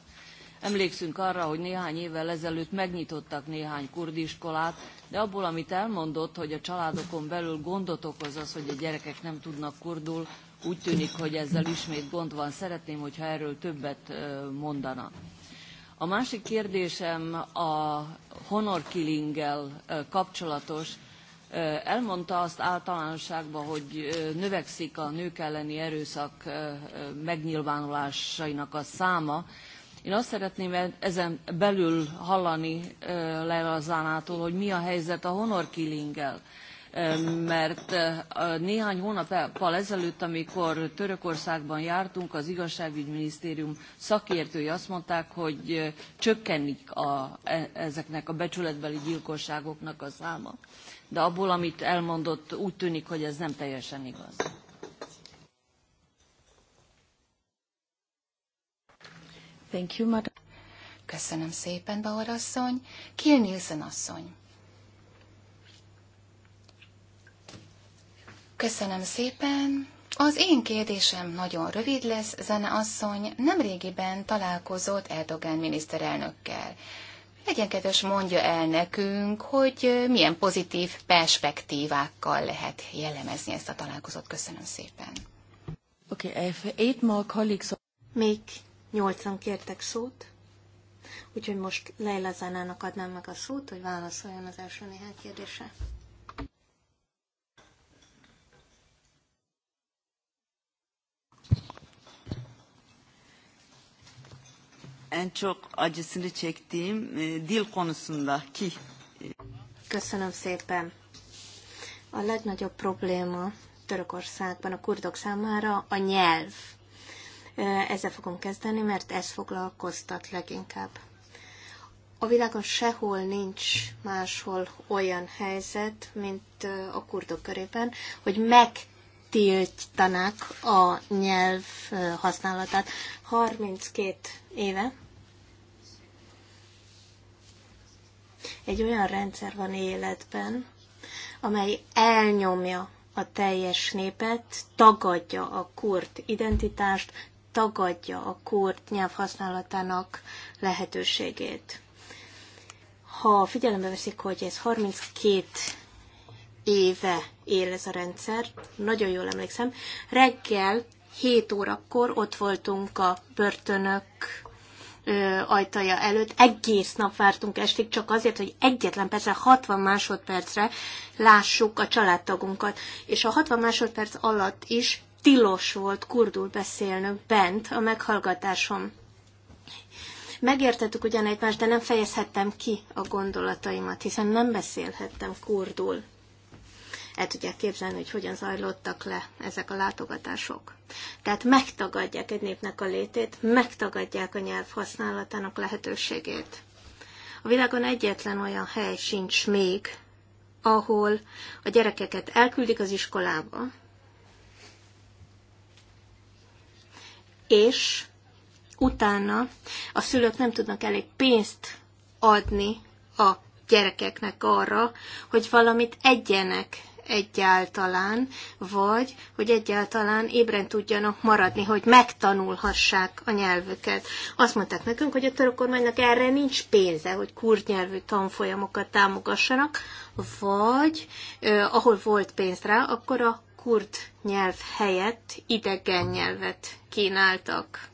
Emlékszünk arra, hogy néhány évvel ezelőtt megnyitottak néhány kurdiskolát, de abból, amit elmondott, hogy a családokon belül gondot okoz az, hogy a gyerekek nem tudnak kurdul, úgy tűnik, hogy ezzel ismét gond van. Szeretném, hogyha erről többet mondana. A másik kérdésem a honor killinggel kapcsolatos. Elmondta azt általánosságban, hogy növekszik a nők elleni erőszak megnyilvánulásainak a száma. Én azt szeretném e-, ezen belül hallani Leila Zánától, hogy mi a helyzet a honor killinggel mert néhány hónappal ezelőtt, amikor Törökországban jártunk, az igazságügyminisztérium szakértői azt mondták, hogy csökkenik a, e, ezeknek a becsületbeli gyilkosságoknak a száma. De abból, amit elmondott, úgy tűnik, hogy ez nem teljesen igaz. Thank you, madam. Köszönöm szépen, Bauer asszony. Kiel Nielsen asszony. Köszönöm szépen. Az én kérdésem nagyon rövid lesz, Zene asszony nemrégiben találkozott Erdogan miniszterelnökkel. Legyen kedves, mondja el nekünk, hogy milyen pozitív perspektívákkal lehet jellemezni ezt a találkozót. Köszönöm szépen. Oké, okay, eight more colleagues. Még nyolcan kértek szót, úgyhogy most Leila Zanának adnám meg a szót, hogy válaszoljon az első néhány kérdésre. en çok acısını çektiğim e, dil konusundaki. Köszönöm szépen. A legnagyobb probléma Törökországban a kurdok számára a nyelv. E, ezzel fogom kezdeni, mert ez foglalkoztat leginkább. A világon sehol nincs máshol olyan helyzet, mint e, a kurdok körében, hogy megtiltanák a nyelv e, használatát. 32 éve Egy olyan rendszer van életben, amely elnyomja a teljes népet, tagadja a kurt identitást, tagadja a kurt nyelvhasználatának lehetőségét. Ha figyelembe veszik, hogy ez 32 éve él ez a rendszer, nagyon jól emlékszem, reggel 7 órakor ott voltunk a börtönök ajtaja előtt. Egész nap vártunk estig, csak azért, hogy egyetlen percre, 60 másodpercre lássuk a családtagunkat. És a 60 másodperc alatt is tilos volt kurdul beszélnünk bent a meghallgatásom. Megértettük ugyan egymást, de nem fejezhettem ki a gondolataimat, hiszen nem beszélhettem kurdul. El tudják képzelni, hogy hogyan zajlottak le ezek a látogatások. Tehát megtagadják egy népnek a létét, megtagadják a nyelv használatának lehetőségét. A világon egyetlen olyan hely sincs még, ahol a gyerekeket elküldik az iskolába, és utána a szülők nem tudnak elég pénzt adni a gyerekeknek arra, hogy valamit egyenek, egyáltalán, vagy hogy egyáltalán ébren tudjanak maradni, hogy megtanulhassák a nyelvüket. Azt mondták nekünk, hogy a török kormánynak erre nincs pénze, hogy kurd nyelvű tanfolyamokat támogassanak, vagy eh, ahol volt pénz rá, akkor a kurd nyelv helyett idegen nyelvet kínáltak.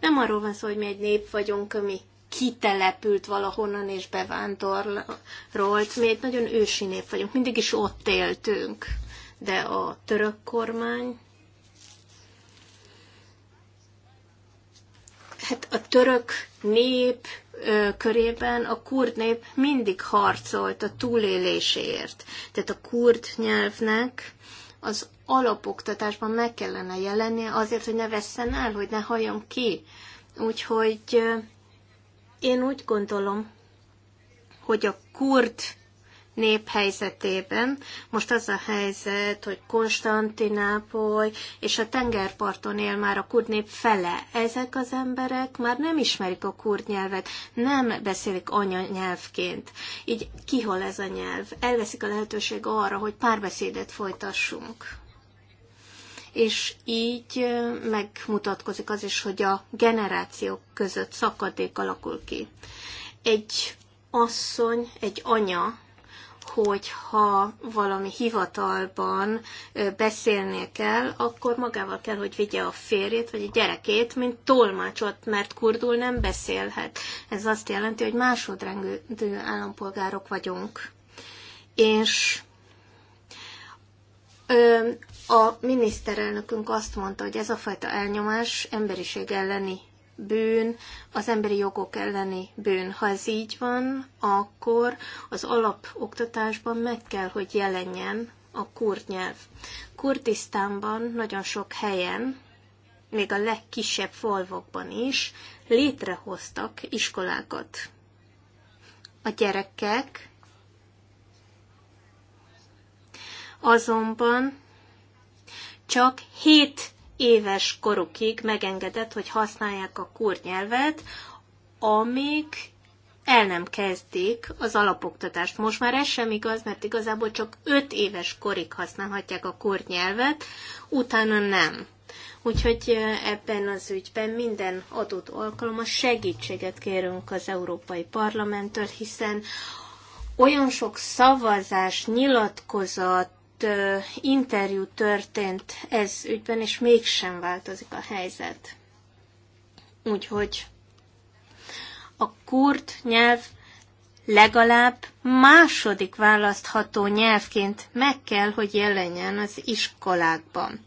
Nem arról van szó, hogy mi egy nép vagyunk, mi kitelepült valahonnan és bevándorolt. Mi egy nagyon ősi nép vagyunk, mindig is ott éltünk, de a török kormány hát a török nép ö, körében a kurd nép mindig harcolt a túléléséért. Tehát a kurd nyelvnek az alapoktatásban meg kellene jelennie azért, hogy ne vesszen el, hogy ne halljon ki. Úgyhogy én úgy gondolom, hogy a kurd nép helyzetében. Most az a helyzet, hogy Konstantinápoly és a tengerparton él már a kurd nép fele. Ezek az emberek már nem ismerik a kurd nyelvet, nem beszélik anyanyelvként. Így kihol ez a nyelv? Elveszik a lehetőség arra, hogy párbeszédet folytassunk és így megmutatkozik az is, hogy a generációk között szakadék alakul ki. Egy asszony, egy anya, hogyha valami hivatalban beszélnie kell, akkor magával kell, hogy vigye a férjét vagy a gyerekét, mint tolmácsot, mert kurdul nem beszélhet. Ez azt jelenti, hogy másodrendű állampolgárok vagyunk. És a miniszterelnökünk azt mondta, hogy ez a fajta elnyomás emberiség elleni bűn, az emberi jogok elleni bűn. Ha ez így van, akkor az alapoktatásban meg kell, hogy jelenjen a kurd nyelv. Kurdisztánban nagyon sok helyen, még a legkisebb falvakban is létrehoztak iskolákat. A gyerekek azonban csak 7 éves korukig megengedett, hogy használják a kurd nyelvet, amíg el nem kezdik az alapoktatást. Most már ez sem igaz, mert igazából csak 5 éves korig használhatják a kurd nyelvet, utána nem. Úgyhogy ebben az ügyben minden adott alkalommal segítséget kérünk az Európai Parlamenttől, hiszen olyan sok szavazás, nyilatkozat, interjú történt ez ügyben, és mégsem változik a helyzet. Úgyhogy a kurt nyelv legalább második választható nyelvként meg kell, hogy jelenjen az iskolákban.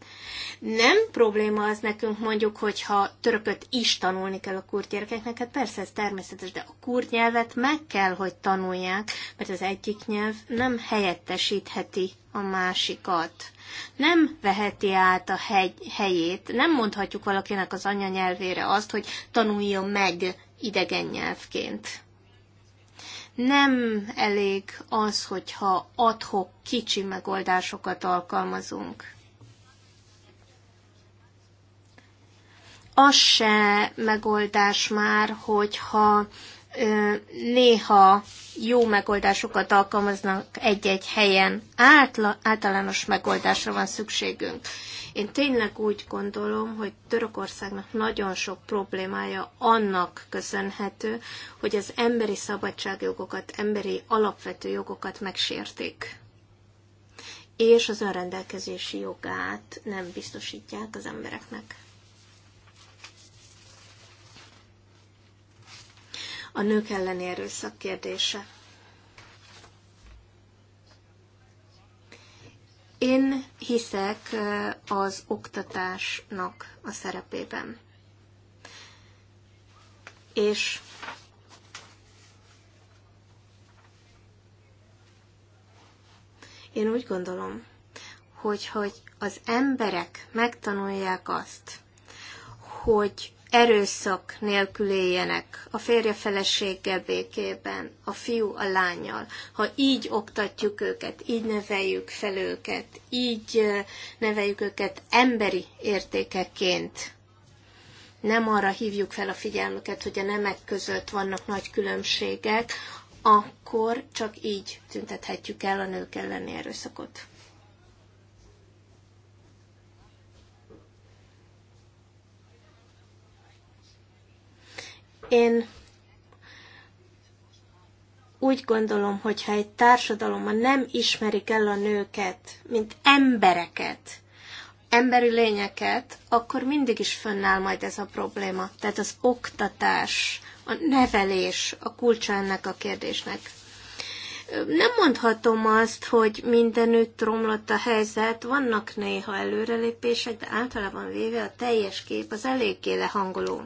Nem probléma az nekünk mondjuk, hogyha törököt is tanulni kell a kurd gyerekeknek, hát persze ez természetes, de a kurd nyelvet meg kell, hogy tanulják, mert az egyik nyelv nem helyettesítheti a másikat. Nem veheti át a hegy, helyét, nem mondhatjuk valakinek az anyanyelvére azt, hogy tanulja meg idegen nyelvként. Nem elég az, hogyha adhok kicsi megoldásokat alkalmazunk. Az se megoldás már, hogyha néha jó megoldásokat alkalmaznak egy-egy helyen. Átla, általános megoldásra van szükségünk. Én tényleg úgy gondolom, hogy Törökországnak nagyon sok problémája annak köszönhető, hogy az emberi szabadságjogokat, emberi alapvető jogokat megsértik. És az önrendelkezési jogát nem biztosítják az embereknek. a nők elleni erőszak kérdése. Én hiszek az oktatásnak a szerepében. És én úgy gondolom, hogy, hogy az emberek megtanulják azt, hogy erőszak nélkül éljenek, a férje feleséggel békében, a fiú a lányjal. Ha így oktatjuk őket, így neveljük fel őket, így neveljük őket emberi értékeként, nem arra hívjuk fel a figyelmüket, hogy a nemek között vannak nagy különbségek, akkor csak így tüntethetjük el a nők elleni erőszakot. Én úgy gondolom, hogy ha egy társadalomban nem ismerik el a nőket, mint embereket, emberi lényeket, akkor mindig is fönnáll majd ez a probléma. Tehát az oktatás, a nevelés a kulcsa ennek a kérdésnek. Nem mondhatom azt, hogy mindenütt romlott a helyzet, vannak néha előrelépések, de általában véve a teljes kép az eléggé lehangoló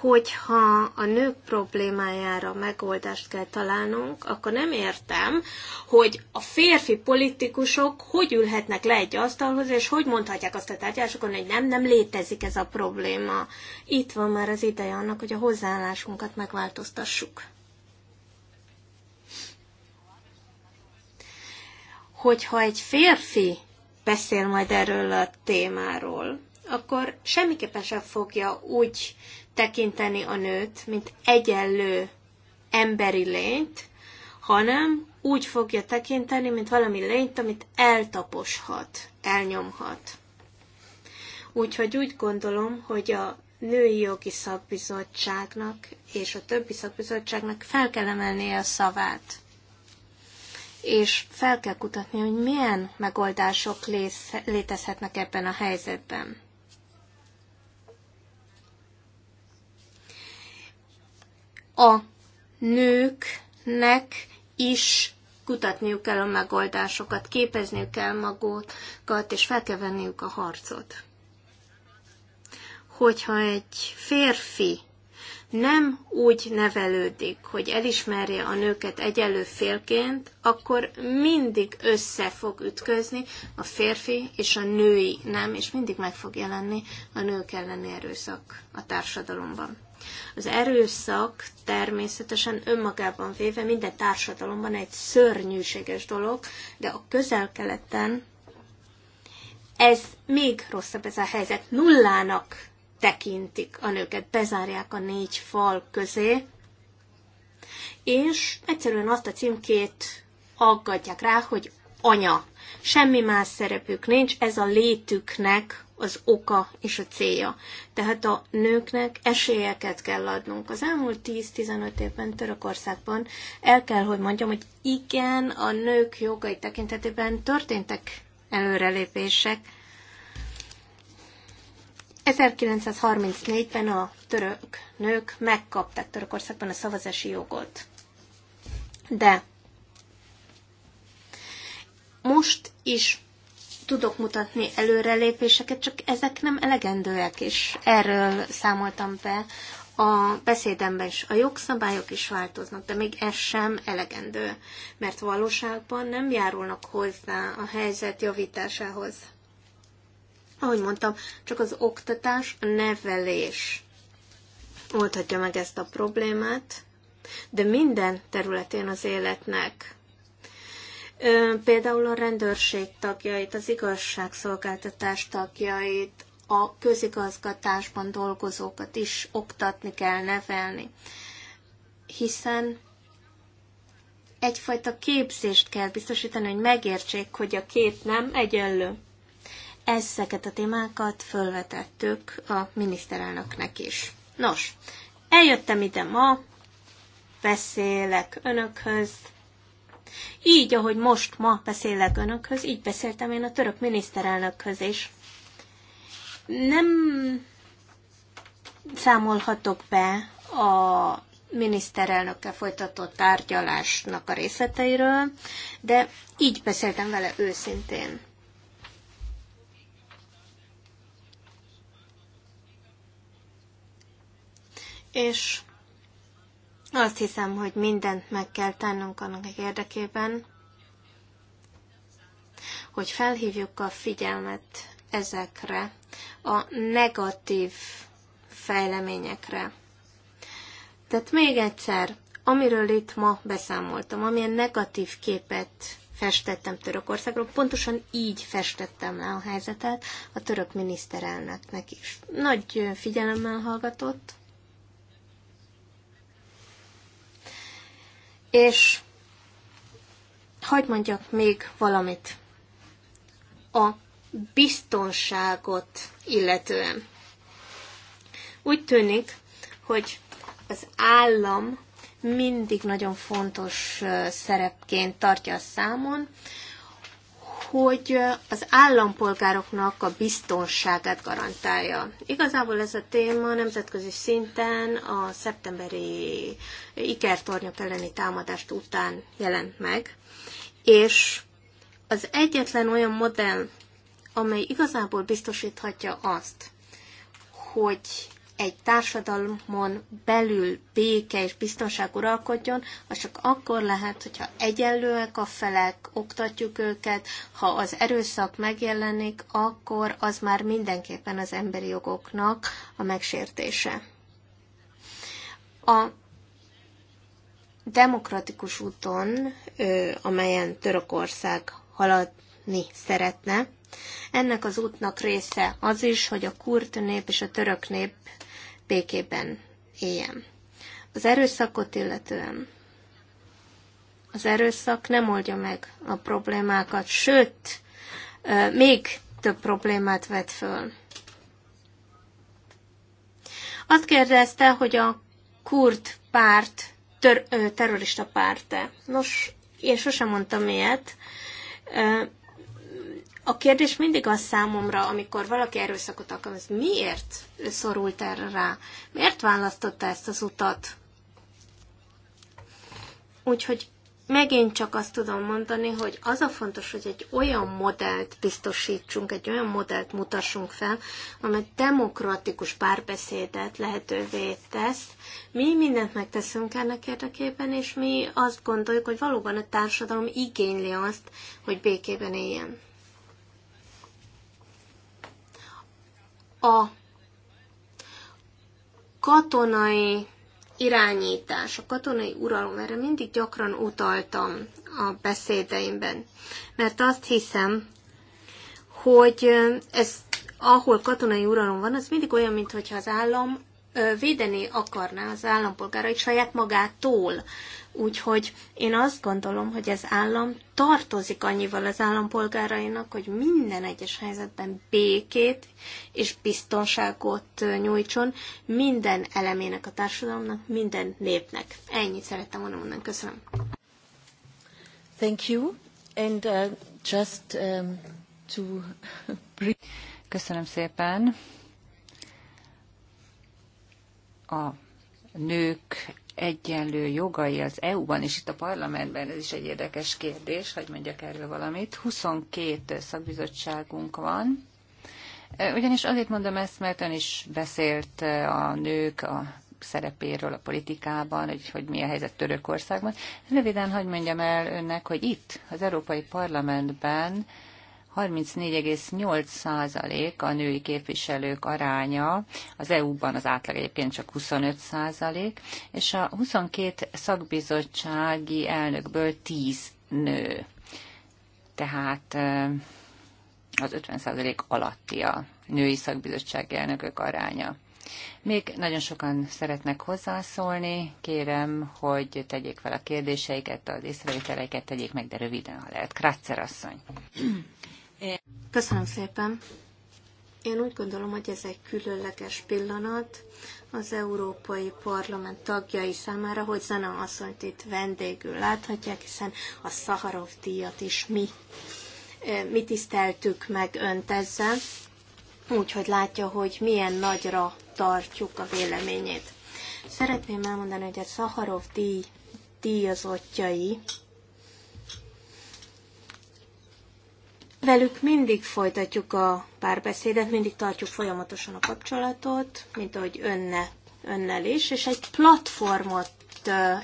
hogyha a nők problémájára megoldást kell találnunk, akkor nem értem, hogy a férfi politikusok hogy ülhetnek le egy asztalhoz, és hogy mondhatják azt a tárgyalásokon, hogy nem, nem létezik ez a probléma. Itt van már az ideje annak, hogy a hozzáállásunkat megváltoztassuk. Hogyha egy férfi beszél majd erről a témáról, akkor semmiképpen sem fogja úgy tekinteni a nőt, mint egyenlő emberi lényt, hanem úgy fogja tekinteni, mint valami lényt, amit eltaposhat, elnyomhat. Úgyhogy úgy gondolom, hogy a női jogi szakbizottságnak és a többi szakbizottságnak fel kell emelnie a szavát. És fel kell kutatni, hogy milyen megoldások létezhetnek ebben a helyzetben. a nőknek is kutatniuk kell a megoldásokat, képezniük kell magukat, és fel kell venniük a harcot. Hogyha egy férfi nem úgy nevelődik, hogy elismerje a nőket egyelő félként, akkor mindig össze fog ütközni a férfi és a női nem, és mindig meg fog jelenni a nők elleni erőszak a társadalomban. Az erőszak természetesen önmagában véve minden társadalomban egy szörnyűséges dolog, de a közel-keleten ez még rosszabb ez a helyzet. Nullának tekintik a nőket, bezárják a négy fal közé, és egyszerűen azt a címkét aggatják rá, hogy anya. Semmi más szerepük nincs, ez a létüknek az oka és a célja. Tehát a nőknek esélyeket kell adnunk. Az elmúlt 10-15 évben Törökországban el kell, hogy mondjam, hogy igen, a nők jogai tekintetében történtek előrelépések. 1934-ben a török nők megkapták Törökországban a szavazási jogot. De most is tudok mutatni előrelépéseket, csak ezek nem elegendőek, és erről számoltam be a beszédemben is. A jogszabályok is változnak, de még ez sem elegendő, mert valóságban nem járulnak hozzá a helyzet javításához. Ahogy mondtam, csak az oktatás, a nevelés oldhatja meg ezt a problémát, de minden területén az életnek például a rendőrség tagjait, az igazságszolgáltatás tagjait, a közigazgatásban dolgozókat is oktatni kell, nevelni, hiszen egyfajta képzést kell biztosítani, hogy megértsék, hogy a két nem egyenlő. Ezeket a témákat fölvetettük a miniszterelnöknek is. Nos, eljöttem ide ma, beszélek önökhöz, így, ahogy most ma beszélek önökhöz, így beszéltem én a török miniszterelnökhöz is. Nem számolhatok be a miniszterelnökkel folytatott tárgyalásnak a részleteiről, de így beszéltem vele őszintén. És azt hiszem, hogy mindent meg kell tennünk annak érdekében, hogy felhívjuk a figyelmet ezekre a negatív fejleményekre. Tehát még egyszer, amiről itt ma beszámoltam, amilyen negatív képet festettem Törökországról, pontosan így festettem le a helyzetet a török miniszterelnöknek is. Nagy figyelemmel hallgatott, És hagyd mondjak még valamit a biztonságot illetően. Úgy tűnik, hogy az állam mindig nagyon fontos szerepként tartja a számon, hogy az állampolgároknak a biztonságát garantálja. Igazából ez a téma nemzetközi szinten a szeptemberi ikertornyok elleni támadást után jelent meg, és az egyetlen olyan modell, amely igazából biztosíthatja azt, hogy egy társadalmon belül béke és biztonság uralkodjon, az csak akkor lehet, hogyha egyenlőek a felek, oktatjuk őket, ha az erőszak megjelenik, akkor az már mindenképpen az emberi jogoknak a megsértése. A demokratikus úton, amelyen Törökország haladni szeretne, ennek az útnak része az is, hogy a kurt nép és a török nép békében éljen. Az erőszakot illetően az erőszak nem oldja meg a problémákat, sőt, még több problémát vet föl. Azt kérdezte, hogy a kurd párt ter- terrorista párt-e. Nos, én sosem mondtam ilyet. A kérdés mindig az számomra, amikor valaki erőszakot hogy miért szorult erre rá? Miért választotta ezt az utat? Úgyhogy megint csak azt tudom mondani, hogy az a fontos, hogy egy olyan modellt biztosítsunk, egy olyan modellt mutassunk fel, amely demokratikus párbeszédet lehetővé tesz. Mi mindent megteszünk ennek érdekében, és mi azt gondoljuk, hogy valóban a társadalom igényli azt, hogy békében éljen. A katonai irányítás, a katonai uralom, erre mindig gyakran utaltam a beszédeimben, mert azt hiszem, hogy ez, ahol katonai uralom van, az mindig olyan, mintha az állam védeni akarná az állampolgárait saját magától. Úgyhogy én azt gondolom, hogy az állam tartozik annyival az állampolgárainak, hogy minden egyes helyzetben békét és biztonságot nyújtson minden elemének a társadalomnak, minden népnek. Ennyit szerettem volna mondani. Köszönöm. Thank you. And uh, just um, to Köszönöm szépen. A nők egyenlő jogai az EU-ban és itt a parlamentben, ez is egy érdekes kérdés, hogy mondjak erről valamit. 22 szakbizottságunk van, ugyanis azért mondom ezt, mert ön is beszélt a nők, a szerepéről a politikában, hogy, hogy mi a helyzet Törökországban. Röviden, hogy mondjam el önnek, hogy itt, az Európai Parlamentben 34,8% a női képviselők aránya, az EU-ban az átlag egyébként csak 25%, százalék, és a 22 szakbizottsági elnökből 10 nő. Tehát az 50% százalék alatti a női szakbizottsági elnökök aránya. Még nagyon sokan szeretnek hozzászólni, kérem, hogy tegyék fel a kérdéseiket, az észrevételeiket tegyék meg, de röviden, ha lehet. Kratzer asszony. Köszönöm szépen. Én úgy gondolom, hogy ez egy különleges pillanat az Európai Parlament tagjai számára, hogy Zana asszonyt itt vendégül láthatják, hiszen a Szaharov díjat is mi, e, mi tiszteltük meg önt ezzel, úgyhogy látja, hogy milyen nagyra tartjuk a véleményét. Szeretném elmondani, hogy a Szaharov díj díjazottjai Velük mindig folytatjuk a párbeszédet, mindig tartjuk folyamatosan a kapcsolatot, mint ahogy önne, önnel is, és egy platformot,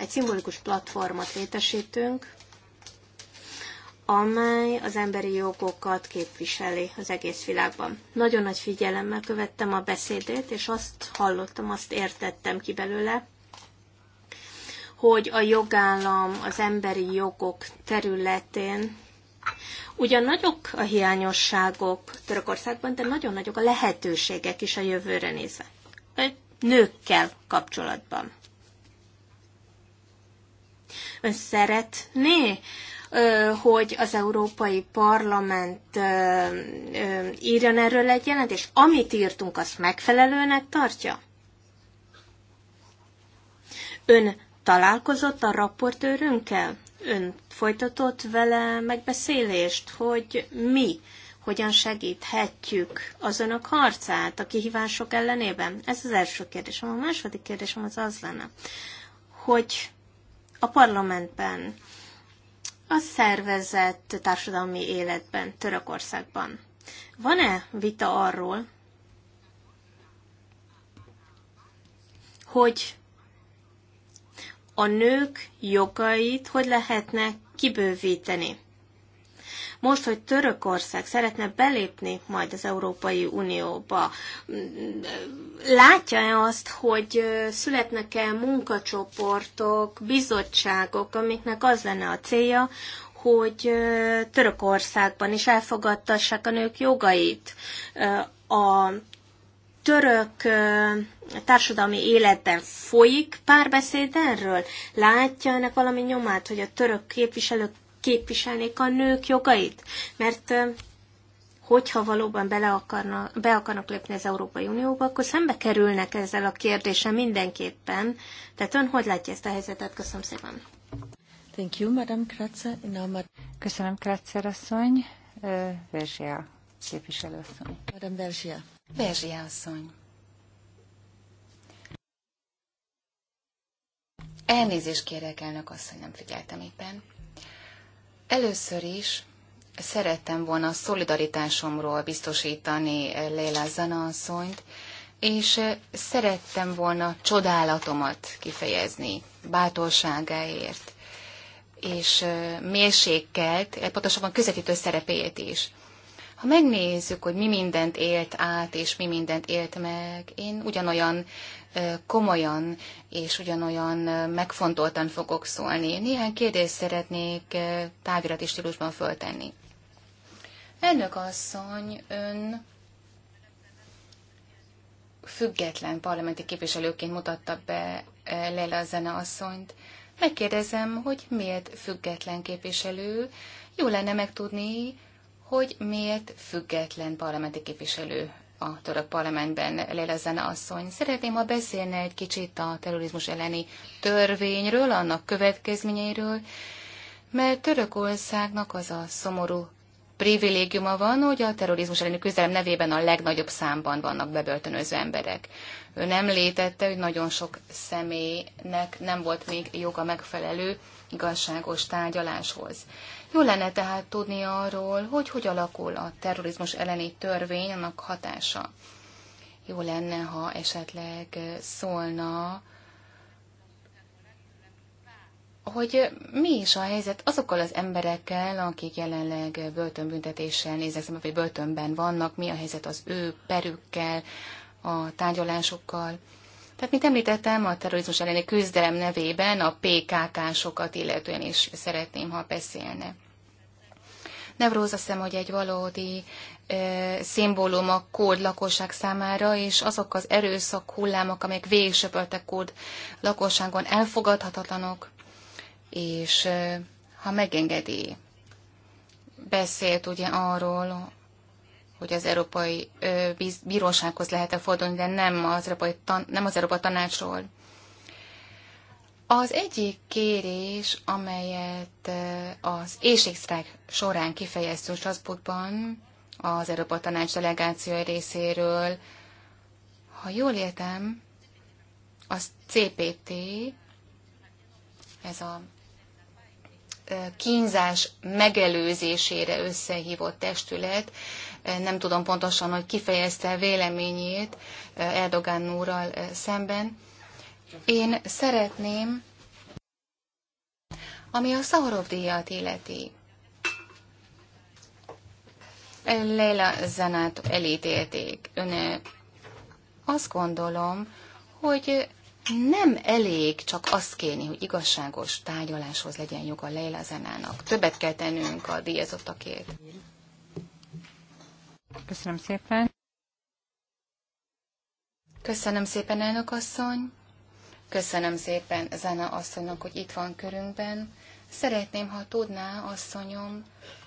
egy szimbolikus platformot létesítünk, amely az emberi jogokat képviseli az egész világban. Nagyon nagy figyelemmel követtem a beszédét, és azt hallottam, azt értettem ki belőle, hogy a jogállam az emberi jogok területén Ugyan nagyok a hiányosságok Törökországban, de nagyon nagyok a lehetőségek is a jövőre nézve. A nőkkel kapcsolatban. Ön szeretné, hogy az Európai Parlament írjon erről egy jelentést? Amit írtunk, azt megfelelőnek tartja? Ön találkozott a raportőrünkkel? ön folytatott vele megbeszélést, hogy mi hogyan segíthetjük az önök harcát a kihívások ellenében? Ez az első kérdésem. A második kérdésem az az lenne, hogy a parlamentben, a szervezett társadalmi életben, Törökországban van-e vita arról, hogy a nők jogait hogy lehetne kibővíteni. Most, hogy Törökország szeretne belépni majd az Európai Unióba, látja-e azt, hogy születnek-e munkacsoportok, bizottságok, amiknek az lenne a célja, hogy Törökországban is elfogadtassák a nők jogait, a török társadalmi életben folyik párbeszéd erről? Látja ennek valami nyomát, hogy a török képviselők képviselnék a nők jogait? Mert hogyha valóban bele akarna, be akarnak lépni az Európai Unióba, akkor szembe kerülnek ezzel a kérdéssel mindenképpen. Tehát ön hogy látja ezt a helyzetet? Köszönöm szépen. Thank you, Madam Kratzer. Now, Köszönöm, Kratzer asszony. Verzsia képviselő asszony. Madam Verzsia. Berzsi asszony. Elnézést kérek, elnök asszony, nem figyeltem éppen. Először is szerettem volna a szolidaritásomról biztosítani eh, Leila Zana asszonyt, és eh, szerettem volna csodálatomat kifejezni bátorságáért, és eh, mérsékkelt, pontosabban közvetítő szerepéért is. Ha megnézzük, hogy mi mindent élt át, és mi mindent élt meg, én ugyanolyan komolyan és ugyanolyan megfontoltan fogok szólni. Néhány kérdést szeretnék távirati stílusban föltenni. Elnök asszony, ön független parlamenti képviselőként mutatta be Leila Zene asszonyt. Megkérdezem, hogy miért független képviselő. Jó lenne megtudni, hogy miért független parlamenti képviselő a török parlamentben lélezen asszony. Szeretném, ha beszélne egy kicsit a terrorizmus elleni törvényről, annak következményeiről, mert Törökországnak az a szomorú privilégiuma van, hogy a terrorizmus elleni küzdelem nevében a legnagyobb számban vannak bebörtönöző emberek. Ő nem létette, hogy nagyon sok személynek nem volt még joga megfelelő igazságos tárgyaláshoz. Jó lenne tehát tudni arról, hogy hogy alakul a terrorizmus elleni törvény, annak hatása. Jó lenne, ha esetleg szólna, hogy mi is a helyzet azokkal az emberekkel, akik jelenleg börtönbüntetéssel néznek szembe, vagy börtönben vannak, mi a helyzet az ő perükkel, a tárgyalásokkal. Tehát, mint említettem, a terrorizmus elleni küzdelem nevében a PKK-sokat illetően is szeretném, ha beszélne. Nevróz azt hiszem, hogy egy valódi e, szimbólum a kód lakosság számára, és azok az erőszak hullámok, amelyek végsöpöltek kód lakosságon elfogadhatatlanok, és e, ha megengedi, beszélt ugye arról, hogy az Európai Bírósághoz lehet-e fordulni, de nem az Európai, tan- nem az európai Tanácsról az egyik kérés, amelyet eh, az éjségsztrák során kifejeztünk Strasbourgban, az Európa Tanács delegációi részéről, ha jól értem, az CPT, ez a eh, kínzás megelőzésére összehívott testület, eh, nem tudom pontosan, hogy kifejezte véleményét Erdogan úrral szemben, én szeretném, ami a Szahorov díjat illeti. Leila Zanát elítélték. Ön azt gondolom, hogy nem elég csak azt kérni, hogy igazságos tárgyaláshoz legyen joga Leila Zenának. Többet kell tennünk a díjazottakért. Köszönöm szépen. Köszönöm szépen, elnök asszony. Köszönöm szépen Zana asszonynak, hogy itt van körünkben. Szeretném, ha tudná, asszonyom,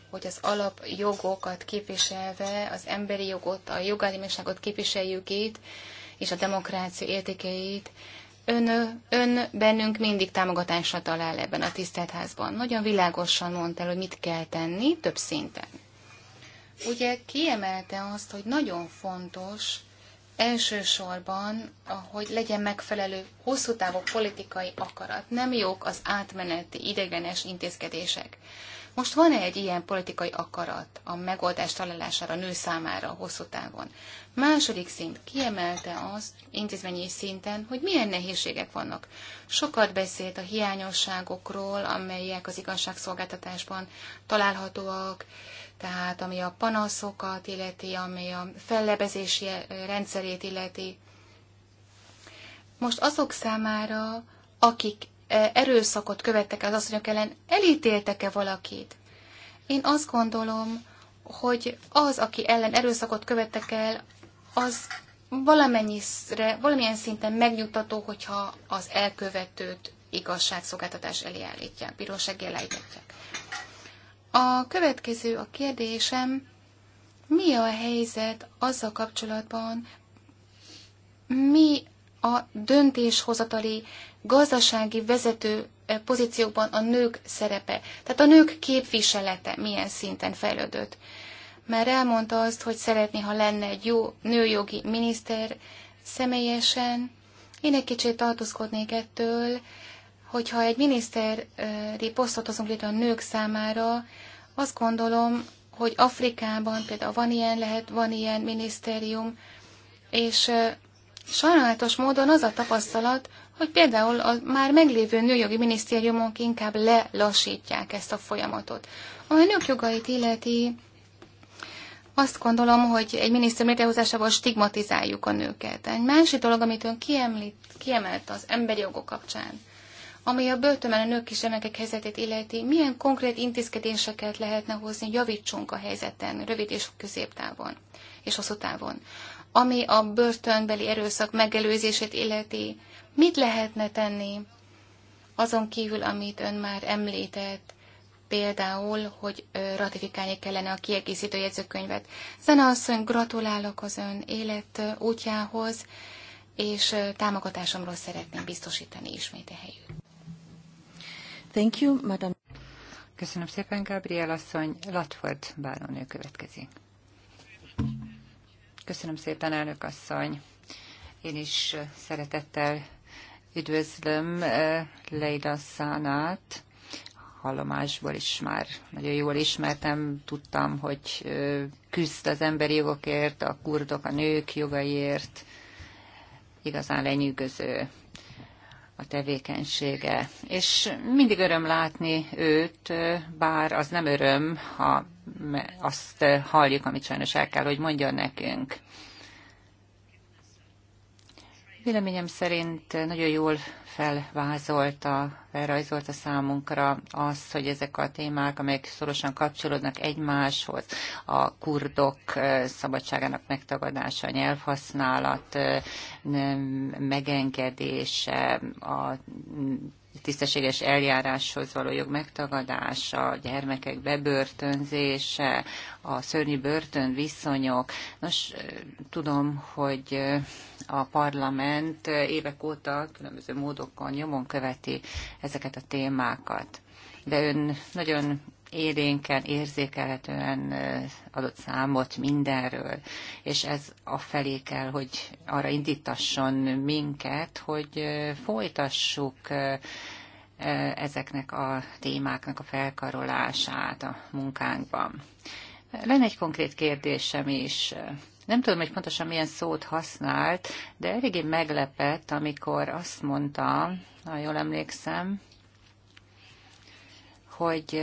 hogy az alapjogokat képviselve, az emberi jogot, a jogállamiságot képviseljük itt, és a demokrácia értékeit, ön, ön bennünk mindig támogatásra talál ebben a tisztelt házban. Nagyon világosan mondta el, hogy mit kell tenni, több szinten. Ugye kiemelte azt, hogy nagyon fontos elsősorban, hogy legyen megfelelő hosszú távú politikai akarat. Nem jók az átmeneti idegenes intézkedések. Most van -e egy ilyen politikai akarat a megoldás találására a nő számára a hosszú távon? Második szint kiemelte azt intézményi szinten, hogy milyen nehézségek vannak. Sokat beszélt a hiányosságokról, amelyek az igazságszolgáltatásban találhatóak, tehát ami a panaszokat illeti, ami a fellebezési rendszerét illeti. Most azok számára, akik e, erőszakot követtek az asszonyok ellen, elítéltek-e valakit? Én azt gondolom, hogy az, aki ellen erőszakot követtek el, az valamennyire, valamilyen szinten megnyugtató, hogyha az elkövetőt igazságszolgáltatás elé állítják, bíróság elé a következő a kérdésem, mi a helyzet azzal kapcsolatban, mi a döntéshozatali gazdasági vezető eh, pozíciókban a nők szerepe, tehát a nők képviselete milyen szinten fejlődött. Mert elmondta azt, hogy szeretné, ha lenne egy jó nőjogi miniszter személyesen. Én egy kicsit tartózkodnék ettől, hogyha egy miniszteri posztot hozunk létre a nők számára, azt gondolom, hogy Afrikában például van ilyen lehet, van ilyen minisztérium, és sajnálatos módon az a tapasztalat, hogy például a már meglévő nőjogi minisztériumok inkább lelassítják ezt a folyamatot. a nők jogait illeti, azt gondolom, hogy egy miniszter létrehozásával stigmatizáljuk a nőket. Egy másik dolog, amit ön kiemlít, kiemelt az emberi jogok kapcsán. Ami a börtönben a nők és gyermekek helyzetét illeti, milyen konkrét intézkedéseket lehetne hozni, hogy javítsunk a helyzeten, rövid és középtávon és hosszú távon. Ami a börtönbeli erőszak megelőzését illeti, mit lehetne tenni azon kívül, amit ön már említett, például, hogy ratifikálni kellene a kiegészítő jegyzőkönyvet. Zene asszony, gratulálok az ön élet útjához, és támogatásomról szeretném biztosítani ismét a helyüt. Thank you, madam. Köszönöm szépen, Gabriel asszony. Latford báronő következik. Köszönöm szépen, elnök asszony. Én is szeretettel üdvözlöm eh, Leida Szánát. Hallomásból is már nagyon jól ismertem, tudtam, hogy eh, küzd az emberi jogokért, a kurdok, a nők jogaiért. Igazán lenyűgöző tevékenysége. És mindig öröm látni őt, bár az nem öröm, ha azt halljuk, amit sajnos el kell, hogy mondjon nekünk. Véleményem szerint nagyon jól felvázolta, felrajzolta számunkra azt, hogy ezek a témák, amelyek szorosan kapcsolódnak egymáshoz, a kurdok szabadságának megtagadása, a nyelvhasználat megengedése, a tisztességes eljáráshoz való jog megtagadása, a gyermekek bebörtönzése, a szörnyű börtön viszonyok. Nos, tudom, hogy a parlament évek óta különböző módokon nyomon követi ezeket a témákat. De ön nagyon élénken, érzékelhetően adott számot mindenről, és ez felé kell, hogy arra indítasson minket, hogy folytassuk ezeknek a témáknak a felkarolását a munkánkban. Lenne egy konkrét kérdésem is. Nem tudom, hogy pontosan milyen szót használt, de eléggé meglepett, amikor azt mondta, ha jól emlékszem, hogy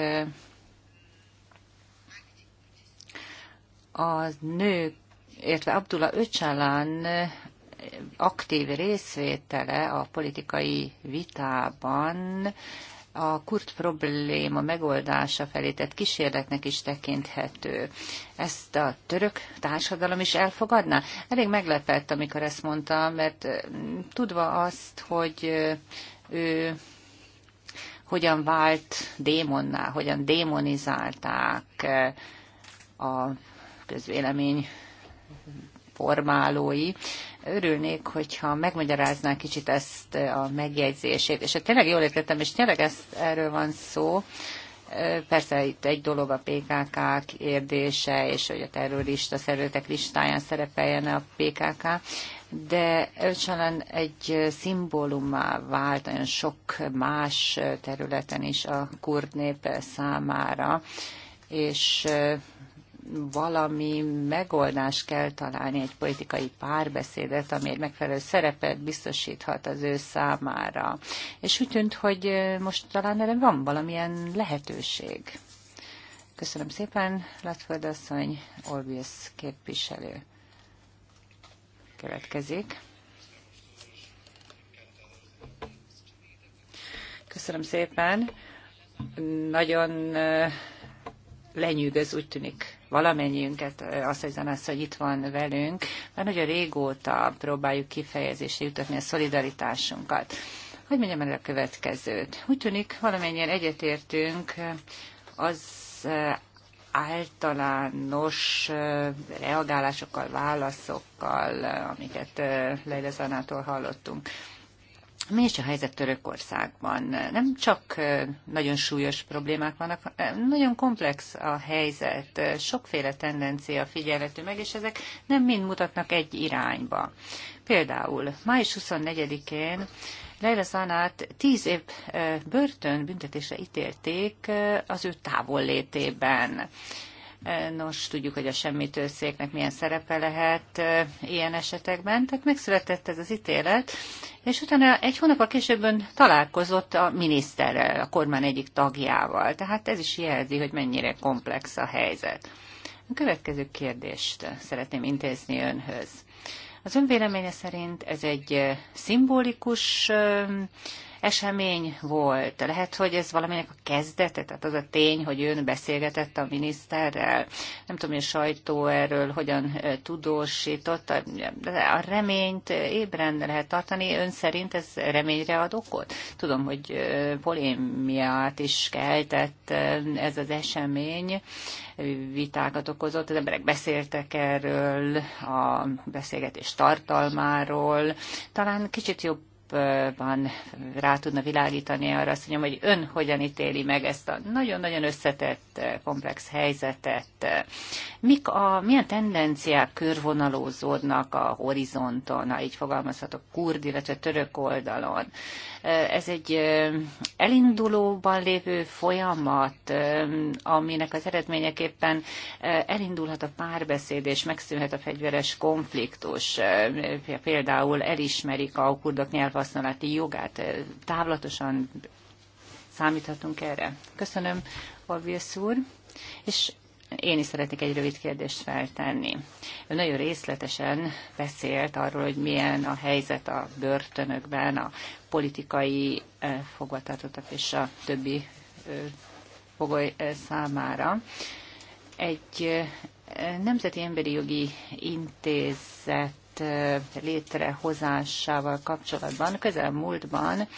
a nők, értve Abdullah Öcsalán aktív részvétele a politikai vitában a kurt probléma megoldása felé tett kísérletnek is tekinthető. Ezt a török társadalom is elfogadná? Elég meglepett, amikor ezt mondta, mert tudva azt, hogy ő hogyan vált démonná, hogyan démonizálták a közvélemény formálói. Örülnék, hogyha megmagyarázná kicsit ezt a megjegyzését, és tényleg jól értettem, és tényleg ezt, erről van szó, Persze itt egy dolog a PKK kérdése, és hogy a terrorista szervezetek listáján szerepeljen a PKK, de Öcsalán egy szimbólumá vált nagyon sok más területen is a kurd nép számára, és valami megoldást kell találni, egy politikai párbeszédet, ami egy megfelelő szerepet biztosíthat az ő számára. És úgy tűnt, hogy most talán erre van valamilyen lehetőség. Köszönöm szépen, Latford asszony, Olbius képviselő következik. Köszönöm szépen. Nagyon lenyűgöz, úgy tűnik valamennyiünket azt, hiszem azt, hogy itt van velünk, mert nagyon régóta próbáljuk kifejezésre jutatni a szolidaritásunkat. Hogy mondjam el a következőt? Úgy tűnik, valamennyien egyetértünk az általános reagálásokkal, válaszokkal, amiket Leila Zanától hallottunk. Mi is a helyzet Törökországban? Nem csak nagyon súlyos problémák vannak, nagyon komplex a helyzet, sokféle tendencia figyelhető meg, és ezek nem mind mutatnak egy irányba. Például május 24-én Leila Zanát tíz év börtön büntetésre ítélték az ő távollétében. Nos, tudjuk, hogy a semmitő széknek milyen szerepe lehet ilyen esetekben. Tehát megszületett ez az ítélet, és utána egy hónap a későbben találkozott a miniszterrel, a kormány egyik tagjával. Tehát ez is jelzi, hogy mennyire komplex a helyzet. A következő kérdést szeretném intézni önhöz. Az ön véleménye szerint ez egy szimbolikus esemény volt. Lehet, hogy ez valaminek a kezdete, tehát az a tény, hogy ön beszélgetett a miniszterrel. Nem tudom, hogy a sajtó erről hogyan tudósított. A reményt ébren lehet tartani. Ön szerint ez reményre ad okot? Tudom, hogy polémiát is keltett ez az esemény vitákat okozott, az emberek beszéltek erről, a beszélgetés tartalmáról. Talán kicsit jobb jobban rá tudna világítani arra, azt mondjam, hogy ön hogyan ítéli meg ezt a nagyon-nagyon összetett, komplex helyzetet. Mik a, milyen tendenciák körvonalózódnak a horizonton, ha így fogalmazhatok, kurd, illetve török oldalon? Ez egy elindulóban lévő folyamat, aminek az eredményeképpen elindulhat a párbeszéd, és megszűnhet a fegyveres konfliktus. Például elismerik a kurdok nyelv nyelvhasználati jogát távlatosan számíthatunk erre. Köszönöm, Orvius úr, és én is szeretnék egy rövid kérdést feltenni. Ő nagyon részletesen beszélt arról, hogy milyen a helyzet a börtönökben, a politikai fogvatartottak és a többi fogoly számára. Egy Nemzeti Emberi Jogi Intézet létrehozásával kapcsolatban közel múltban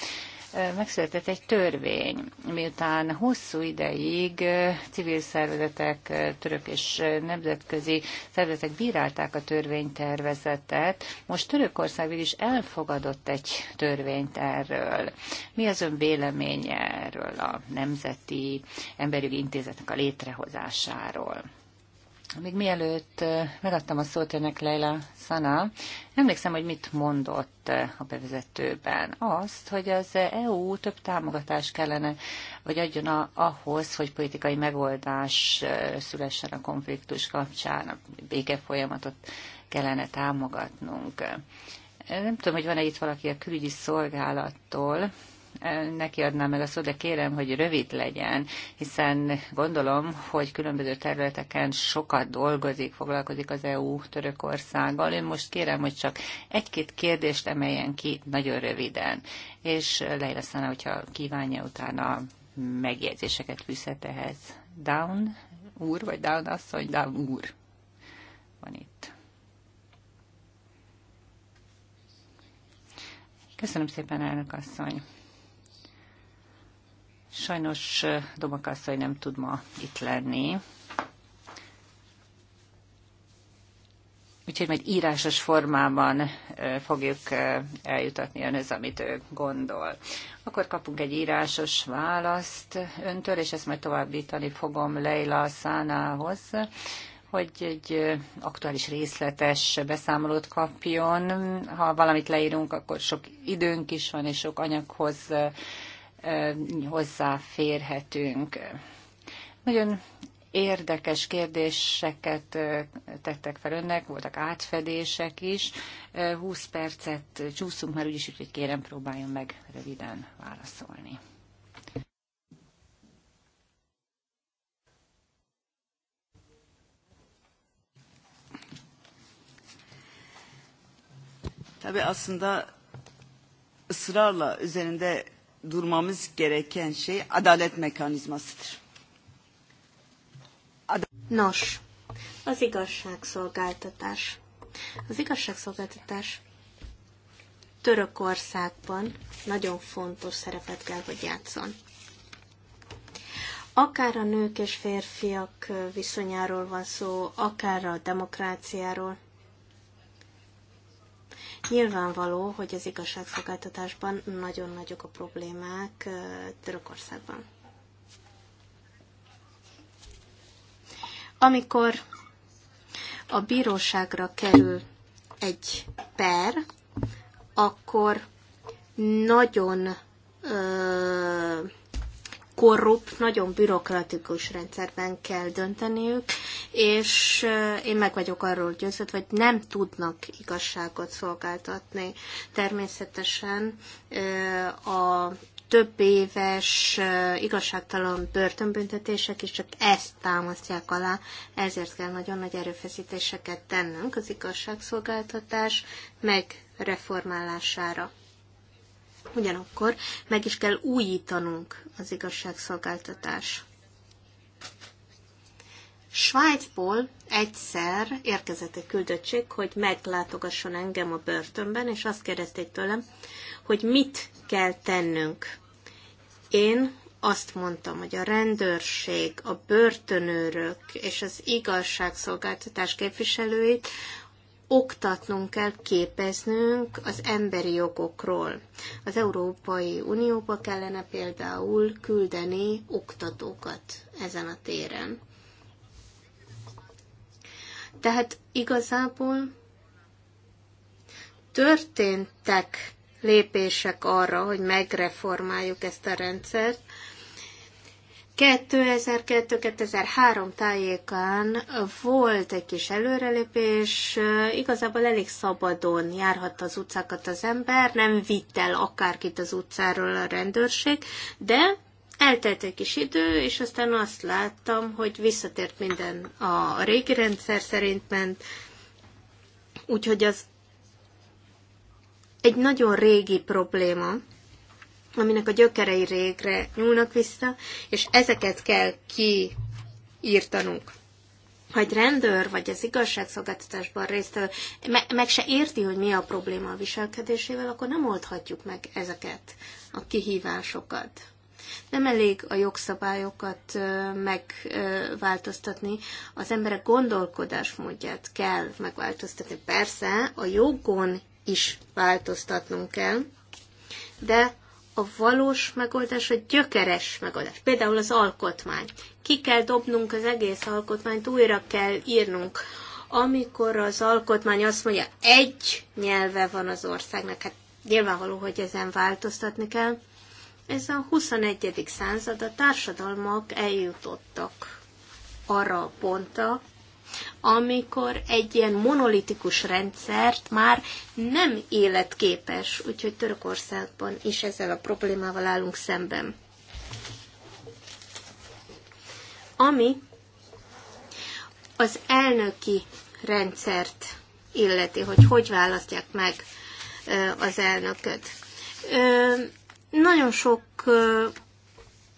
megszületett egy törvény, miután hosszú ideig civil szervezetek, török és nemzetközi szervezetek bírálták a törvénytervezetet, most Törökország is elfogadott egy törvényt erről. Mi az ön véleménye erről a Nemzeti emberi Intézetnek a létrehozásáról? Még mielőtt megadtam a szót önnek, Leila Szana, emlékszem, hogy mit mondott a bevezetőben. Azt, hogy az EU több támogatást kellene, vagy adjon a, ahhoz, hogy politikai megoldás szülessen a konfliktus kapcsán, a békefolyamatot kellene támogatnunk. Nem tudom, hogy van-e itt valaki a külügyi szolgálattól, neki adnám meg a szó, de kérem, hogy rövid legyen, hiszen gondolom, hogy különböző területeken sokat dolgozik, foglalkozik az EU Törökországgal. Én most kérem, hogy csak egy-két kérdést emeljen ki nagyon röviden, és Leila hogyha kívánja, utána megjegyzéseket fűzhet ehhez. Down úr, vagy Down asszony, Down úr van itt. Köszönöm szépen, elnök asszony. Sajnos Domakasszai nem tud ma itt lenni. Úgyhogy majd írásos formában fogjuk eljutatni önhöz, amit ő gondol. Akkor kapunk egy írásos választ öntől, és ezt majd továbbítani fogom Leila Szánához hogy egy aktuális részletes beszámolót kapjon. Ha valamit leírunk, akkor sok időnk is van, és sok anyaghoz hozzáférhetünk. Nagyon érdekes kérdéseket tettek fel önnek, voltak átfedések is. 20 percet csúszunk már úgyis, hogy kérem próbáljon meg röviden válaszolni. Tabii aslında ısrarla üzerinde durmamız gereken şey adalet mekanizmasıdır. Ad Nos, az igazságszolgáltatás. Az igazságszolgáltatás Törökországban nagyon fontos szerepet kell, hogy játszon. Akár a nők és férfiak viszonyáról van szó, akár a demokráciáról, Nyilvánvaló, hogy az igazságszolgáltatásban nagyon nagyok a problémák Törökországban. Amikor a bíróságra kerül egy per, akkor nagyon ö, korrupt, nagyon bürokratikus rendszerben kell dönteniük, és eh, én meg vagyok arról győződve, hogy nem tudnak igazságot szolgáltatni. Természetesen eh, a több éves eh, igazságtalan börtönbüntetések is csak ezt támasztják alá, ezért kell nagyon nagy erőfeszítéseket tennünk az igazságszolgáltatás megreformálására. Ugyanakkor meg is kell újítanunk az igazságszolgáltatás. Svájcból egyszer érkezett egy küldöttség, hogy meglátogasson engem a börtönben, és azt kérdezték tőlem, hogy mit kell tennünk. Én azt mondtam, hogy a rendőrség, a börtönőrök és az igazságszolgáltatás képviselőit oktatnunk kell, képeznünk az emberi jogokról. Az Európai Unióba kellene például küldeni oktatókat ezen a téren. Tehát igazából történtek lépések arra, hogy megreformáljuk ezt a rendszert, 2002-2003 tájékán volt egy kis előrelépés, igazából elég szabadon járhatta az utcákat az ember, nem vitt el akárkit az utcáról a rendőrség, de eltelt egy kis idő, és aztán azt láttam, hogy visszatért minden a régi rendszer szerint ment, úgyhogy az egy nagyon régi probléma, aminek a gyökerei régre nyúlnak vissza, és ezeket kell kiírtanunk. Ha egy rendőr vagy az igazságszolgáltatásban résztvevő me- meg se érti, hogy mi a probléma a viselkedésével, akkor nem oldhatjuk meg ezeket a kihívásokat. Nem elég a jogszabályokat megváltoztatni, az emberek gondolkodásmódját kell megváltoztatni. Persze a jogon is változtatnunk kell, de a valós megoldás a gyökeres megoldás. Például az alkotmány. Ki kell dobnunk az egész alkotmányt, újra kell írnunk. Amikor az alkotmány azt mondja, egy nyelve van az országnak, hát nyilvánvaló, hogy ezen változtatni kell. Ez a 21. század a társadalmak eljutottak arra a pontra, amikor egy ilyen monolitikus rendszert már nem életképes, úgyhogy Törökországban is ezzel a problémával állunk szemben. Ami az elnöki rendszert illeti, hogy hogy választják meg az elnököt. Nagyon sok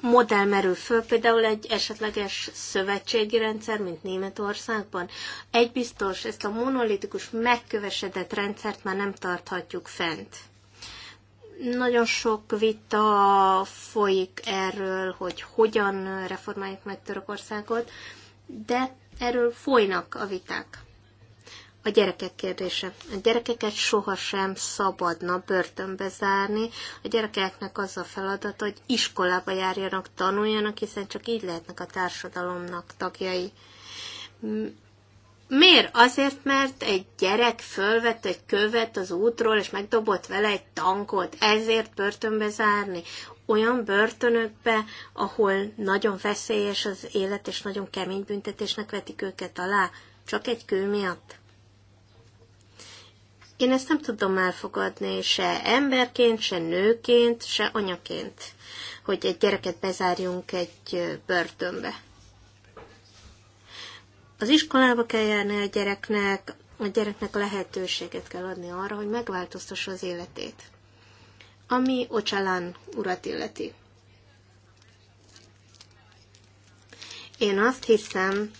modell merül föl, például egy esetleges szövetségi rendszer, mint Németországban. Egy biztos, ezt a monolitikus, megkövesedett rendszert már nem tarthatjuk fent. Nagyon sok vita folyik erről, hogy hogyan reformáljuk meg Törökországot, de erről folynak a viták a gyerekek kérdése. A gyerekeket sohasem szabadna börtönbe zárni. A gyerekeknek az a feladat, hogy iskolába járjanak, tanuljanak, hiszen csak így lehetnek a társadalomnak tagjai. Miért? Azért, mert egy gyerek fölvett egy követ az útról, és megdobott vele egy tankot. Ezért börtönbe zárni. Olyan börtönökbe, ahol nagyon veszélyes az élet, és nagyon kemény büntetésnek vetik őket alá. Csak egy kő miatt. Én ezt nem tudom elfogadni se emberként, se nőként, se anyaként, hogy egy gyereket bezárjunk egy börtönbe. Az iskolába kell járni a gyereknek, a gyereknek lehetőséget kell adni arra, hogy megváltoztassa az életét. Ami Ocsalán urat illeti. Én azt hiszem,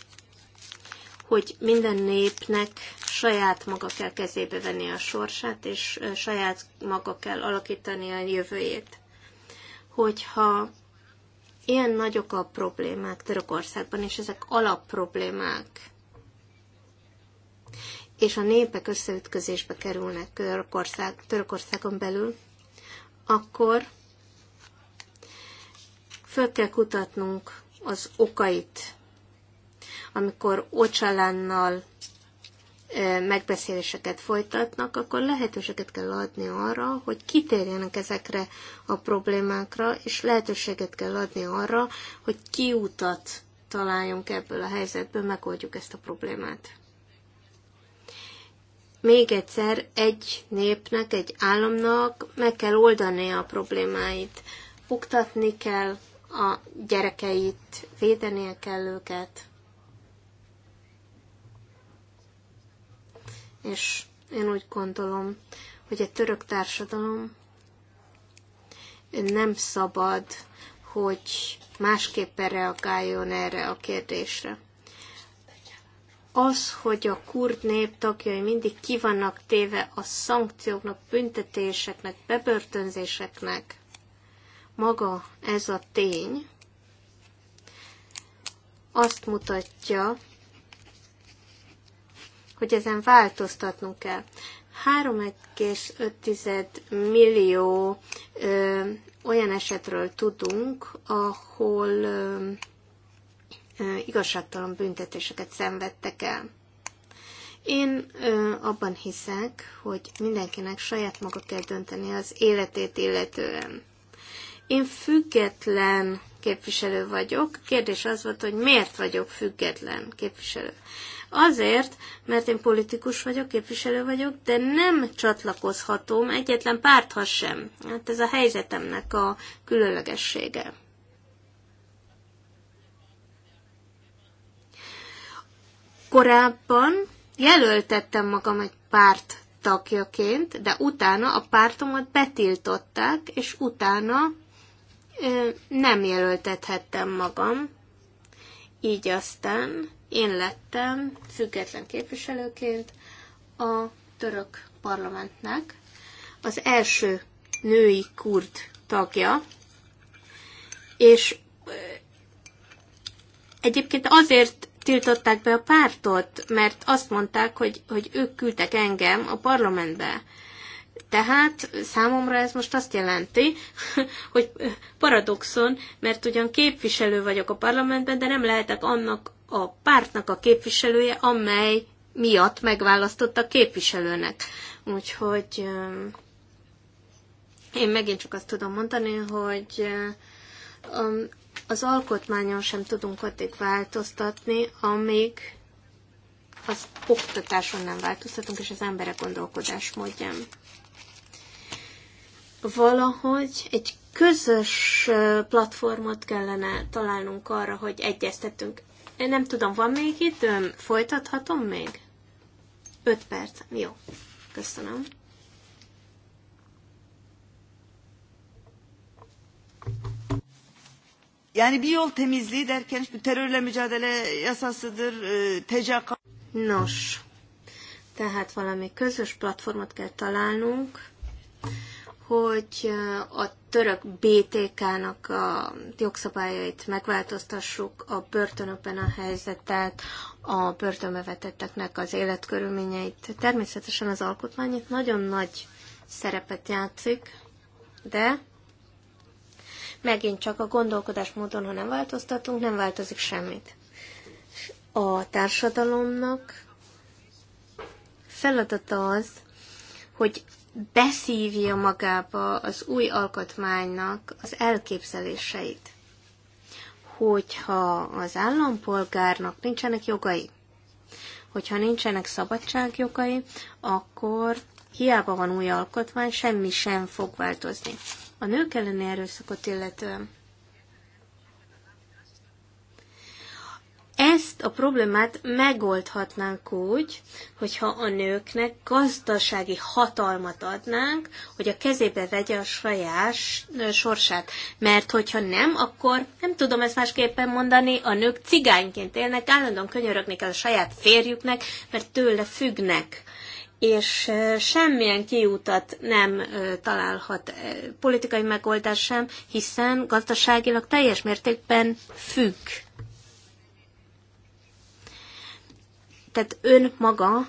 hogy minden népnek saját maga kell kezébe venni a sorsát, és saját maga kell alakítani a jövőjét. Hogyha ilyen nagyok a problémák Törökországban, és ezek alapproblémák, és a népek összeütközésbe kerülnek Törökország, Törökországon belül, akkor föl kell kutatnunk az okait, amikor Ocsalánnal megbeszéléseket folytatnak, akkor lehetőséget kell adni arra, hogy kitérjenek ezekre a problémákra, és lehetőséget kell adni arra, hogy kiutat találjunk ebből a helyzetből, megoldjuk ezt a problémát. Még egyszer, egy népnek, egy államnak meg kell oldania a problémáit, oktatni kell a gyerekeit, védenie kell őket, és én úgy gondolom, hogy egy török társadalom nem szabad, hogy másképpen reagáljon erre a kérdésre. Az, hogy a kurd nép tagjai mindig ki vannak téve a szankcióknak, büntetéseknek, bebörtönzéseknek, maga ez a tény azt mutatja, hogy ezen változtatnunk kell. 3,5 millió ö, olyan esetről tudunk, ahol ö, ö, igazságtalan büntetéseket szenvedtek el. Én ö, abban hiszek, hogy mindenkinek saját maga kell dönteni az életét illetően. Én független képviselő vagyok. Kérdés az volt, hogy miért vagyok független képviselő. Azért, mert én politikus vagyok, képviselő vagyok, de nem csatlakozhatom egyetlen párthoz sem. Hát ez a helyzetemnek a különlegessége. Korábban jelöltettem magam egy párt tagjaként, de utána a pártomat betiltották, és utána ö, nem jelöltethettem magam. Így aztán én lettem független képviselőként a török parlamentnek az első női kurd tagja, és egyébként azért tiltották be a pártot, mert azt mondták, hogy, hogy ők küldtek engem a parlamentbe. Tehát számomra ez most azt jelenti, hogy paradoxon, mert ugyan képviselő vagyok a parlamentben, de nem lehetek annak a pártnak a képviselője, amely miatt megválasztotta képviselőnek. Úgyhogy én megint csak azt tudom mondani, hogy az alkotmányon sem tudunk addig változtatni, amíg az oktatáson nem változtatunk, és az emberek módján. Valahogy egy közös platformot kellene találnunk arra, hogy egyeztetünk. Én nem tudom, van még időm? Folytathatom még? 5 perc. Jó. Köszönöm. Yani bir yol temizliği derken terörle mücadele yasasıdır, e, TCK... Nos, tehát valami közös platformot kell találnunk, hogy eh, a török BTK-nak a jogszabályait megváltoztassuk, a börtönökben a helyzetet, a börtönbe vetetteknek az életkörülményeit. Természetesen az alkotmány itt nagyon nagy szerepet játszik, de megint csak a gondolkodásmódon, ha nem változtatunk, nem változik semmit. A társadalomnak feladata az, hogy beszívja magába az új alkotmánynak az elképzeléseit. Hogyha az állampolgárnak nincsenek jogai, hogyha nincsenek szabadságjogai, akkor hiába van új alkotmány, semmi sem fog változni. A nők elleni erőszakot illetően Ezt a problémát megoldhatnánk úgy, hogyha a nőknek gazdasági hatalmat adnánk, hogy a kezébe vegye a saját sorsát. Mert hogyha nem, akkor nem tudom ezt másképpen mondani, a nők cigányként élnek, állandóan könyörögni kell a saját férjüknek, mert tőle függnek és semmilyen kiútat nem találhat politikai megoldás sem, hiszen gazdaságilag teljes mértékben függ. tehát ön maga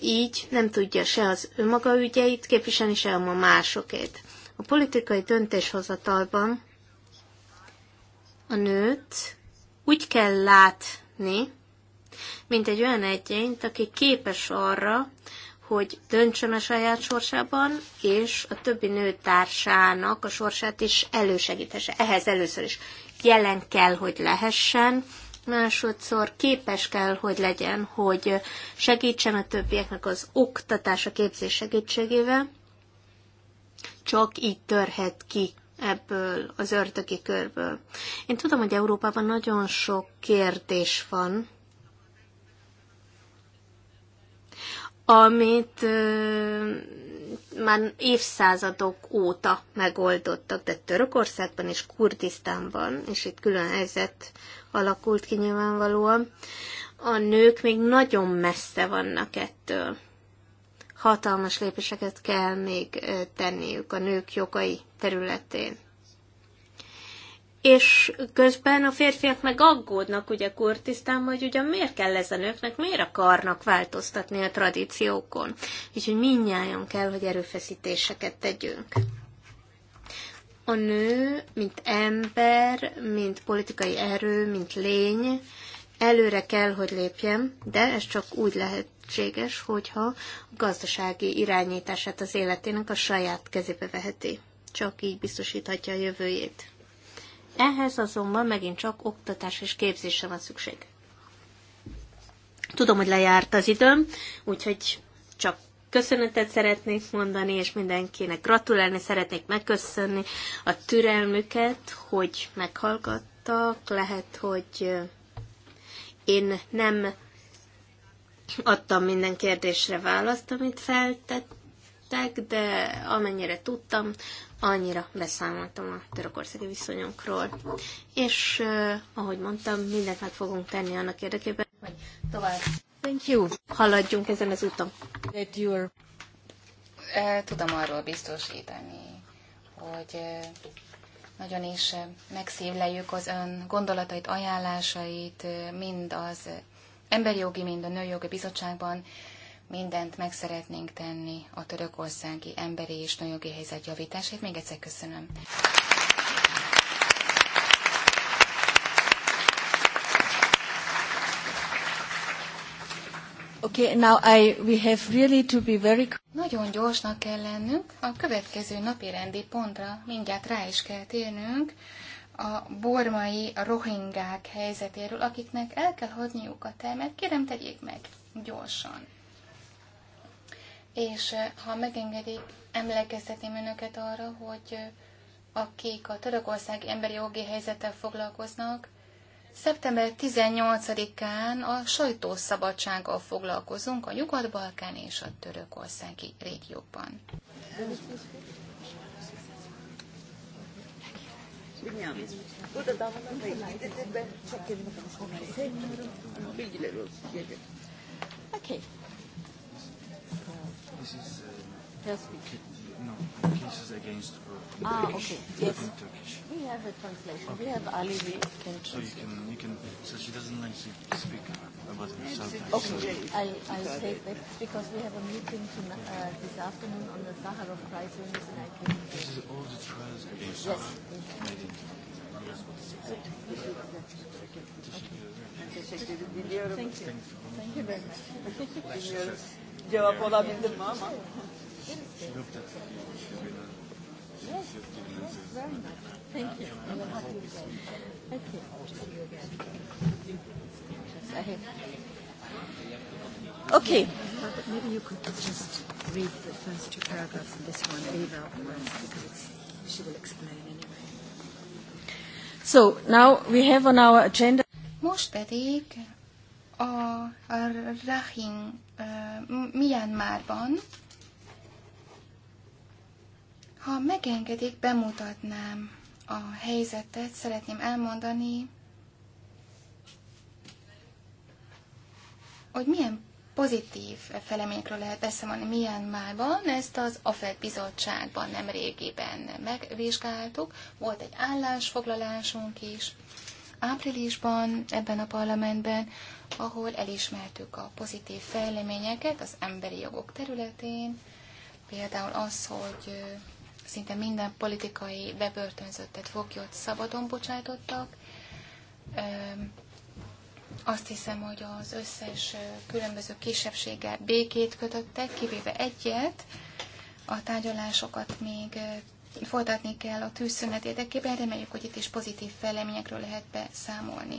így nem tudja se az önmaga ügyeit képviselni, se a másokét. A politikai döntéshozatalban a nőt úgy kell látni, mint egy olyan egyényt, aki képes arra, hogy döntsön a saját sorsában, és a többi nőtársának a sorsát is elősegítese. Ehhez először is jelen kell, hogy lehessen, másodszor képes kell, hogy legyen, hogy segítsen a többieknek az oktatás, a képzés segítségével. Csak így törhet ki ebből az ördögi körből. Én tudom, hogy Európában nagyon sok kérdés van, amit ö, már évszázadok óta megoldottak, de Törökországban és Kurdisztánban, és itt külön helyzet alakult ki nyilvánvalóan. A nők még nagyon messze vannak ettől. Hatalmas lépéseket kell még tenniük a nők jogai területén. És közben a férfiak meg aggódnak, ugye Kurtisztán, hogy ugye miért kell ez a nőknek, miért akarnak változtatni a tradíciókon. Úgyhogy mindnyájan kell, hogy erőfeszítéseket tegyünk a nő, mint ember, mint politikai erő, mint lény előre kell, hogy lépjen, de ez csak úgy lehetséges, hogyha a gazdasági irányítását az életének a saját kezébe veheti. Csak így biztosíthatja a jövőjét. Ehhez azonban megint csak oktatás és képzésre van szükség. Tudom, hogy lejárt az időm, úgyhogy csak köszönetet szeretnék mondani, és mindenkinek gratulálni, szeretnék megköszönni a türelmüket, hogy meghallgattak. Lehet, hogy én nem adtam minden kérdésre választ, amit feltettek, de amennyire tudtam, annyira beszámoltam a törökországi viszonyunkról. És ahogy mondtam, mindent meg fogunk tenni annak érdekében, hogy tovább. Thank you. Haladjunk ezen az úton. That you're... Tudom arról biztosítani, hogy nagyon is megszívleljük az ön gondolatait, ajánlásait, mind az emberi jogi, mind a nőjogi bizottságban mindent meg szeretnénk tenni a törökországi emberi és nőjogi helyzet javításért. Még egyszer köszönöm. Okay, now I, we have really to be very... Nagyon gyorsnak kell lennünk. A következő napi rendi pontra mindjárt rá is kell térnünk a bormai rohingák helyzetéről, akiknek el kell hagyniuk a termet. Kérem, tegyék meg gyorsan. És eh, ha megengedik, emlékeztetném önöket arra, hogy eh, akik a törökországi emberi jogi helyzettel foglalkoznak, Szeptember 18-án a sajtószabadsággal foglalkozunk a Nyugat-Balkán és a törökországi régióban. Okay. No, cases against her. Ah, Turkish, okay. Yes. In Turkish. We have a translation. Okay. We have Ali. We can translate. So you can, you can. So she doesn't like to speak about herself. Okay. I, I'll, I'll say that because we have a meeting tonight, uh, this afternoon on the Sakharov Prize winners, and I can. This is all the trials against yes. her. Yes. Teşekkür ediyorum. Thank you. Thank you very much. Bilmiyorum cevap olabildim mi ama. Okay. Maybe you could just read the first two paragraphs of this one leave out the rest because she will explain anyway. So now we have on our agenda. Most pedig a Rahin uh, Myanmarban ha megengedik, bemutatnám a helyzetet, szeretném elmondani, hogy milyen pozitív feleményekről lehet beszélni. Milyen Myanmarban, ezt az AFED bizottságban nem régiben megvizsgáltuk, volt egy állásfoglalásunk is, áprilisban ebben a parlamentben, ahol elismertük a pozitív fejleményeket az emberi jogok területén, például az, hogy szinte minden politikai bebörtönzöttet, foglyot szabadon bocsátottak. Azt hiszem, hogy az összes különböző kisebbséggel békét kötöttek, kivéve egyet. A tárgyalásokat még folytatni kell a tűzszünet érdekében, reméljük, hogy itt is pozitív fejleményekről lehet beszámolni.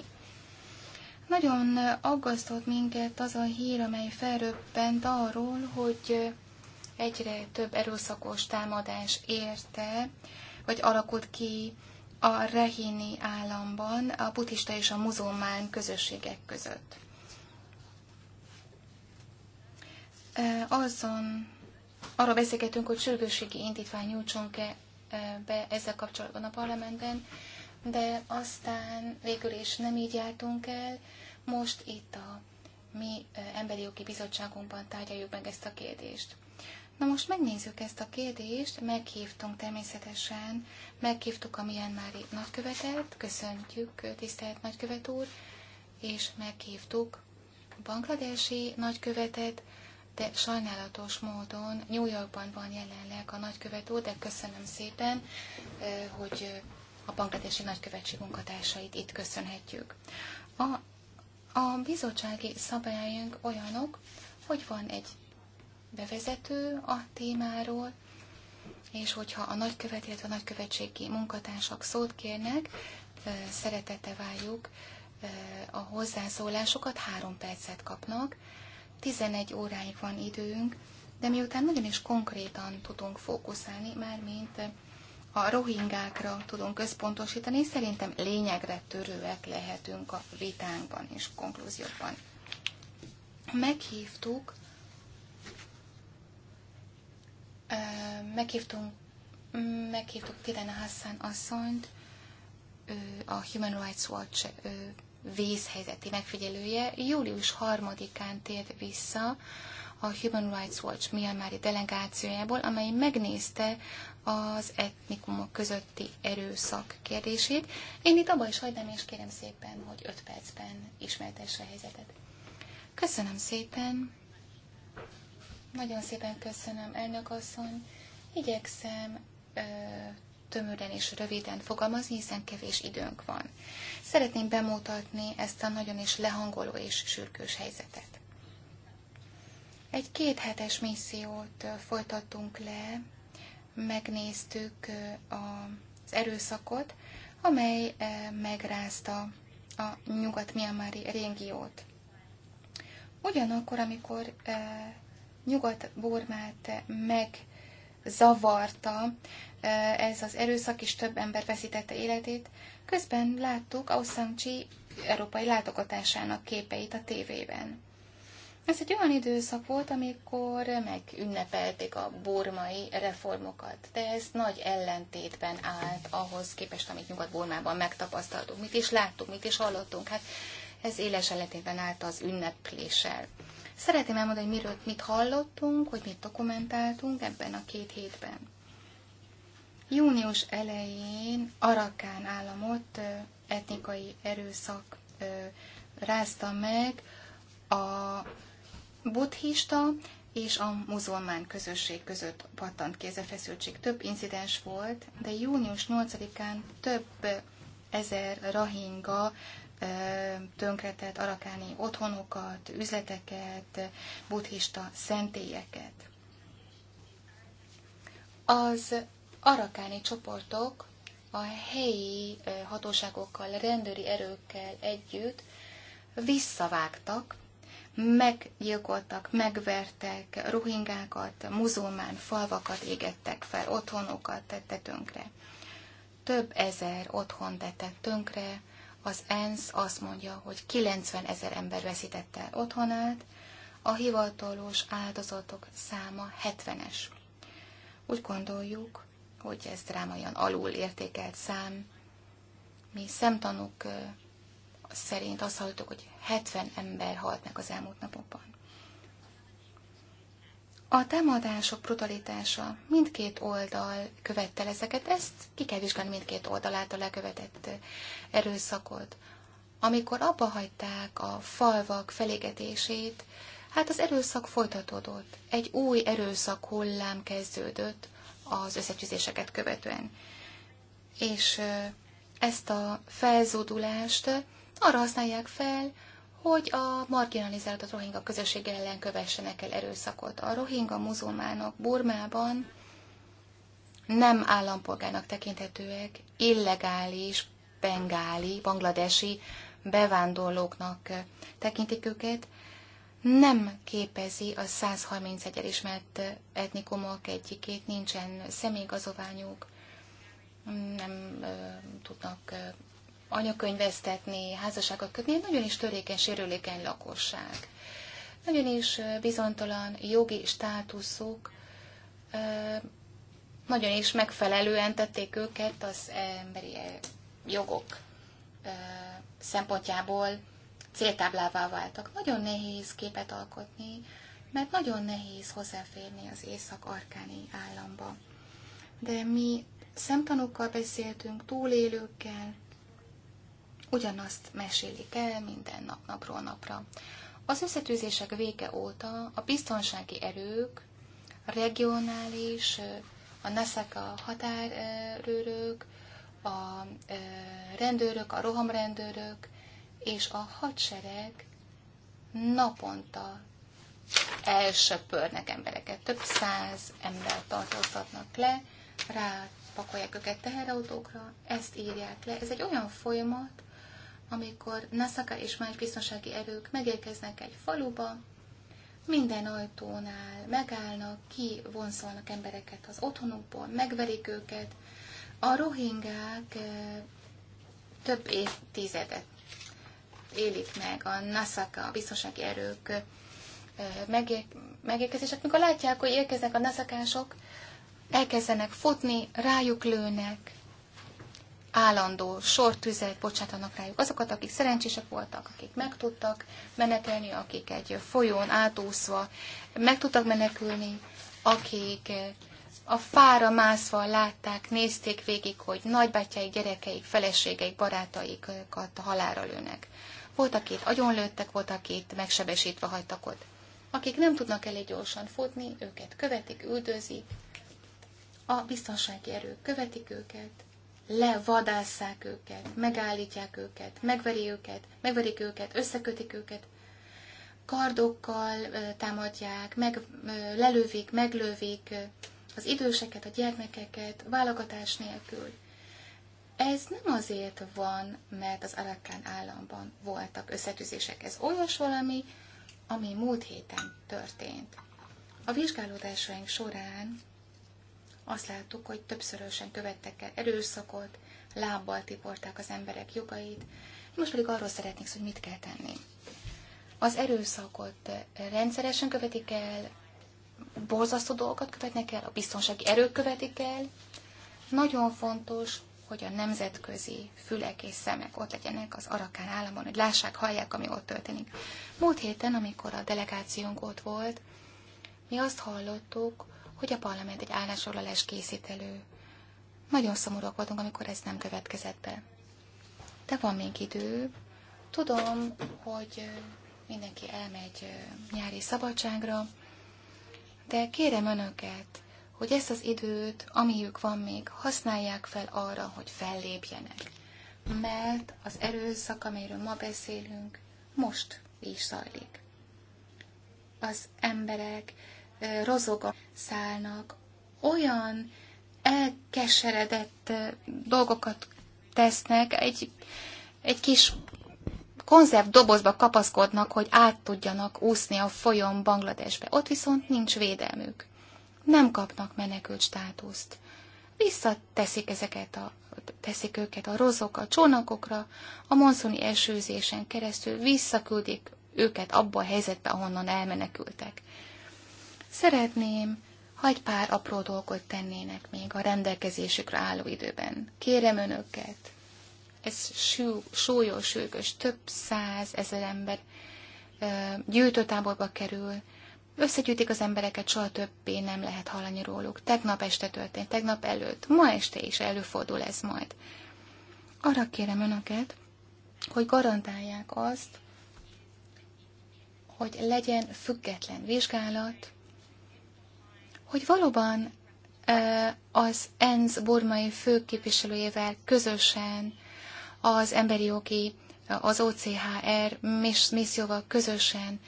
Nagyon aggasztott minket az a hír, amely felröppent arról, hogy egyre több erőszakos támadás érte, vagy alakult ki a rehini államban a buddhista és a muzulmán közösségek között. Azon arra beszélgetünk, hogy sürgősségi indítvány nyújtsunk-e be ezzel kapcsolatban a parlamentben, de aztán végül is nem így jártunk el. Most itt a mi emberi jogi bizottságunkban tárgyaljuk meg ezt a kérdést. Na most megnézzük ezt a kérdést, meghívtunk természetesen, meghívtuk a Myanmari nagykövetet, köszöntjük tisztelt nagykövet úr, és meghívtuk a bangladesi nagykövetet, de sajnálatos módon New Yorkban van jelenleg a nagykövet úr, de köszönöm szépen, hogy a bangladesi nagykövetség munkatársait itt köszönhetjük. A, a bizottsági szabályaink olyanok, hogy van egy bevezető a témáról, és hogyha a nagykövet, illetve a nagykövetségi munkatársak szót kérnek, szeretete váljuk a hozzászólásokat, három percet kapnak. 11 óráig van időnk, de miután nagyon is konkrétan tudunk fókuszálni, mármint a rohingákra tudunk központosítani, szerintem lényegre törőek lehetünk a vitánkban és konklúziókban. Meghívtuk meghívtunk, meghívtuk Pirena Hassan asszonyt, ő a Human Rights Watch vészhelyzeti megfigyelője. Július 3-án tért vissza a Human Rights Watch Myanmari delegációjából, amely megnézte az etnikumok közötti erőszak kérdését. Én itt abban is hagynám, és kérem szépen, hogy 5 percben ismertesse a helyzetet. Köszönöm szépen! Nagyon szépen köszönöm, elnök asszony. Igyekszem ö, tömören és röviden fogalmazni, hiszen kevés időnk van. Szeretném bemutatni ezt a nagyon is lehangoló és sürgős helyzetet. Egy két hetes missziót folytattunk le, megnéztük az erőszakot, amely megrázta a nyugat-miamári régiót. Ugyanakkor, amikor Nyugat-Burmát megzavarta ez az erőszak, és több ember veszítette életét. Közben láttuk Aung San Chi európai látogatásának képeit a tévében. Ez egy olyan időszak volt, amikor megünnepelték a burmai reformokat, de ez nagy ellentétben állt ahhoz képest, amit Nyugat-Burmában megtapasztaltunk, mit is láttuk, mit is hallottunk. Hát ez éles ellentétben állt az ünnepléssel. Szeretném elmondani, hogy miről mit hallottunk, hogy mit dokumentáltunk ebben a két hétben. Június elején Arakán államot etnikai erőszak rázta meg a buddhista és a muzulmán közösség között pattant kézefeszültség. Több incidens volt, de június 8-án több ezer rahinga tönkretett arakáni otthonokat, üzleteket, buddhista szentélyeket. Az arakáni csoportok a helyi hatóságokkal, rendőri erőkkel együtt visszavágtak, meggyilkoltak, megvertek ruhingákat, muzulmán falvakat égettek fel, otthonokat tettek tönkre. Több ezer otthon tettek tönkre, az ENSZ azt mondja, hogy 90 ezer ember veszítette el otthonát, a hivatalos áldozatok száma 70-es. Úgy gondoljuk, hogy ez drámaian alul értékelt szám. Mi szemtanúk szerint azt hallottuk, hogy 70 ember halt meg az elmúlt napokban. A támadások brutalitása mindkét oldal követte ezeket, ezt ki kell vizsgálni mindkét oldal által lekövetett erőszakot. Amikor abba hagyták a falvak felégetését, hát az erőszak folytatódott. Egy új erőszak hullám kezdődött az összetűzéseket követően. És ezt a felzódulást arra használják fel, hogy a marginalizált rohinga közösség ellen kövessenek el erőszakot. A rohinga muzulmánok Burmában nem állampolgárnak tekinthetőek, illegális, bengáli, bangladesi bevándorlóknak tekintik őket, nem képezi a 131 elismert etnikumok egyikét, nincsen személyigazolványuk, nem ö, tudnak anyakönyvesztetni, házasságot kötni, egy nagyon is törékeny, sérülékeny lakosság. Nagyon is bizonytalan jogi státuszuk, nagyon is megfelelően tették őket az emberi jogok szempontjából céltáblává váltak. Nagyon nehéz képet alkotni, mert nagyon nehéz hozzáférni az észak-arkáni államba. De mi szemtanúkkal beszéltünk, túlélőkkel, ugyanazt mesélik el minden nap napról napra. Az összetűzések vége óta a biztonsági erők, a regionális, a NASZAKA határőrök, a rendőrök, a rohamrendőrök és a hadsereg naponta elsöpörnek embereket. Több száz ember tartóztatnak le, rápakolják őket teherautókra, ezt írják le. Ez egy olyan folyamat, amikor Nasaka és más biztonsági erők megérkeznek egy faluba, minden ajtónál megállnak, kivonszolnak embereket az otthonukból, megverik őket. A rohingák eh, több évtizedet élik meg a Nasaka, a biztonsági erők eh, megér- megérkezések. Mikor látják, hogy érkeznek a naszakások, elkezdenek futni, rájuk lőnek, állandó sortüzet bocsátanak rájuk. Azokat, akik szerencsések voltak, akik meg tudtak menetelni, akik egy folyón átúszva meg tudtak menekülni, akik eh, a fára mászva látták, nézték végig, hogy nagybátyáik, gyerekeik, feleségeik, barátaikat halára lőnek. Volt, akit agyonlőttek, volt, akit megsebesítve hagytak ott. Akik nem tudnak elég gyorsan futni, őket követik, üldözik, a biztonsági erők követik őket, levadásszák őket, megállítják őket, megveri őket, megverik őket, összekötik őket, kardokkal támadják, meg, lelövik, meglövik az időseket, a gyermekeket, válogatás nélkül. Ez nem azért van, mert az Arakán államban voltak összetűzések. Ez olyas valami, ami múlt héten történt. A vizsgálódásaink során azt láttuk, hogy többszörösen követtek el erőszakot, lábbal tiporták az emberek jogait. Most pedig arról szeretnék, hogy mit kell tenni. Az erőszakot rendszeresen követik el, borzasztó dolgokat követnek el, a biztonsági erők követik el. Nagyon fontos, hogy a nemzetközi fülek és szemek ott legyenek az Arakán államon, hogy lássák, hallják, ami ott történik. Múlt héten, amikor a delegációnk ott volt, mi azt hallottuk, hogy a parlament egy állásfoglalás készít elő. Nagyon szomorúak voltunk, amikor ez nem következett be. De van még idő. Tudom, hogy mindenki elmegy nyári szabadságra, de kérem önöket, hogy ezt az időt, amiük van még, használják fel arra, hogy fellépjenek. Mert az erőszak, amiről ma beszélünk, most is zajlik. Az emberek rozoga szállnak, olyan elkeseredett dolgokat tesznek, egy, egy kis konzerv dobozba kapaszkodnak, hogy át tudjanak úszni a folyón Bangladesbe. Ott viszont nincs védelmük. Nem kapnak menekült státuszt. Visszateszik ezeket a teszik őket a rozok, a csónakokra, a monszoni esőzésen keresztül visszaküldik őket abba a helyzetbe, ahonnan elmenekültek. Szeretném, ha egy pár apró dolgot tennének még a rendelkezésükre álló időben. Kérem önöket, ez súlyos, sürgős, több száz ezer ember gyűjtőtáborba kerül, összegyűjtik az embereket, soha többé nem lehet hallani róluk. Tegnap este történt, tegnap előtt, ma este is előfordul ez majd. Arra kérem önöket, hogy garantálják azt, hogy legyen független vizsgálat, hogy valóban az ENSZ burmai főképviselőjével közösen az emberi jogi, az OCHR misszióval közösen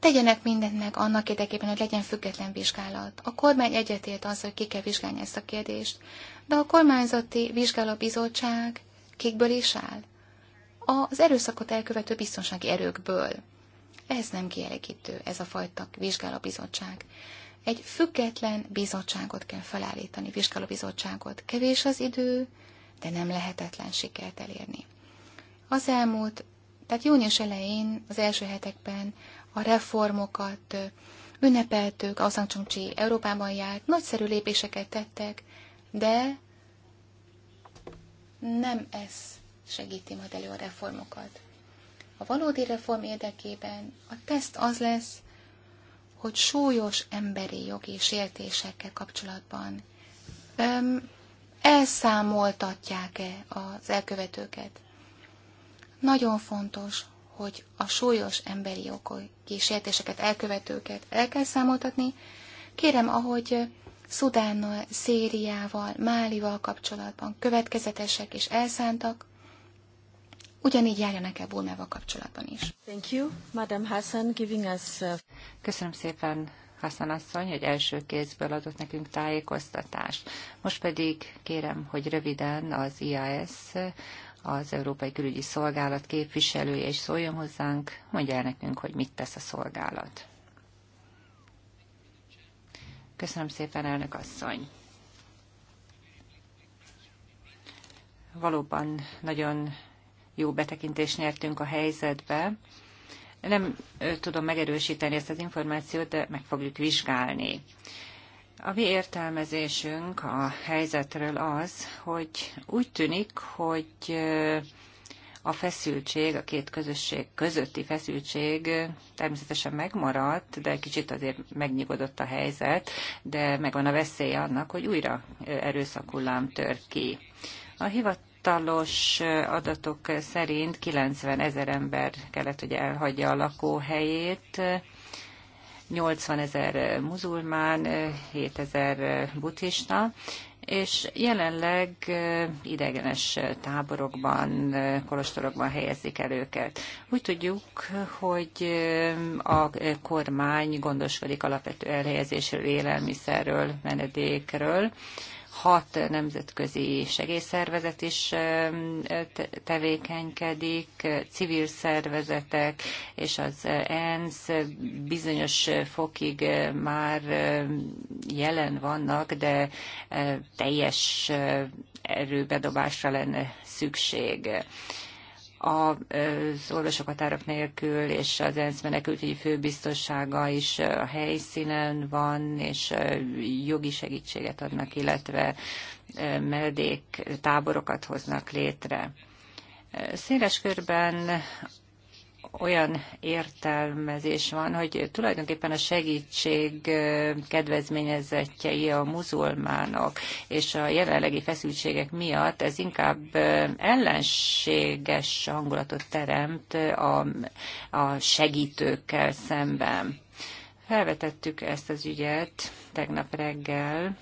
tegyenek mindent meg annak érdekében, hogy legyen független vizsgálat. A kormány egyetért az, hogy ki kell vizsgálni ezt a kérdést, de a kormányzati vizsgálóbizottság kikből is áll? Az erőszakot elkövető biztonsági erőkből. Ez nem kielégítő, ez a fajta vizsgálóbizottság egy független bizottságot kell felállítani, vizsgálóbizottságot. Kevés az idő, de nem lehetetlen sikert elérni. Az elmúlt, tehát június elején, az első hetekben a reformokat ünnepeltük, a Szangcsongcsi Európában járt, nagyszerű lépéseket tettek, de nem ez segíti majd elő a reformokat. A valódi reform érdekében a teszt az lesz, hogy súlyos emberi jogi sértésekkel kapcsolatban öm, elszámoltatják-e az elkövetőket. Nagyon fontos, hogy a súlyos emberi jogi sértéseket, elkövetőket el kell számoltatni. Kérem, ahogy Szudánnal, Szériával, Málival kapcsolatban következetesek és elszántak, ugyanígy járjanak el Bulmával kapcsolatban is. Thank you, Madam Hassan, giving us a... Uh, Köszönöm szépen, Hassan asszony, hogy első kézből adott nekünk tájékoztatást. Most pedig kérem, hogy röviden az IAS, az Európai Külügyi Szolgálat képviselője is szóljon hozzánk, mondja el nekünk, hogy mit tesz a szolgálat. Köszönöm szépen, elnök asszony! Valóban nagyon jó betekintést nyertünk a helyzetbe. Nem tudom megerősíteni ezt az információt, de meg fogjuk vizsgálni. A mi értelmezésünk a helyzetről az, hogy úgy tűnik, hogy a feszültség, a két közösség közötti feszültség természetesen megmaradt, de kicsit azért megnyugodott a helyzet, de megvan a veszély annak, hogy újra erőszakullám tör ki. A hivat hivatalos adatok szerint 90 ezer ember kellett, hogy elhagyja a lakóhelyét, 80 ezer muzulmán, 7 ezer buddhista, és jelenleg idegenes táborokban, kolostorokban helyezik el őket. Úgy tudjuk, hogy a kormány gondoskodik alapvető elhelyezésről, élelmiszerről, menedékről, hat nemzetközi segélyszervezet is tevékenykedik, civil szervezetek és az ENSZ bizonyos fokig már jelen vannak, de teljes erőbedobásra lenne szükség az orvosok határok nélkül, és az ENSZ menekültügyi főbiztossága is a helyszínen van, és jogi segítséget adnak, illetve meldék táborokat hoznak létre. Széles körben olyan értelmezés van, hogy tulajdonképpen a segítség kedvezményezettjei a muzulmánok, és a jelenlegi feszültségek miatt ez inkább ellenséges hangulatot teremt a, a segítőkkel szemben. Felvetettük ezt az ügyet tegnap reggel,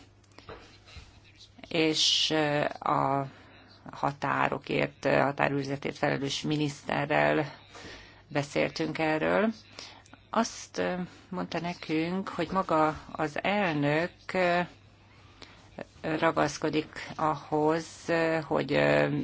és a határokért, határőrzetét felelős miniszterrel beszéltünk erről. Azt mondta nekünk, hogy maga az elnök ragaszkodik ahhoz, hogy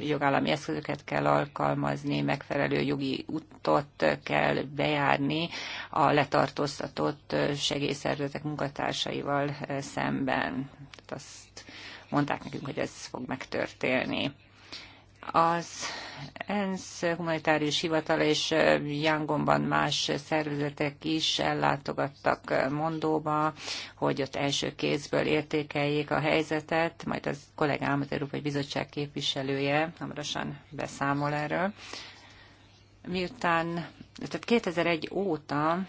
jogállami eszközöket kell alkalmazni, megfelelő jogi utat kell bejárni a letartóztatott segélyszervezetek munkatársaival szemben. Tehát azt mondták nekünk, hogy ez fog megtörténni. Az ENSZ humanitárius hivatala és Jangonban más szervezetek is ellátogattak Mondóba, hogy ott első kézből értékeljék a helyzetet, majd az kollégám, az Európai Bizottság képviselője hamarosan beszámol erről. Miután, tehát 2001 óta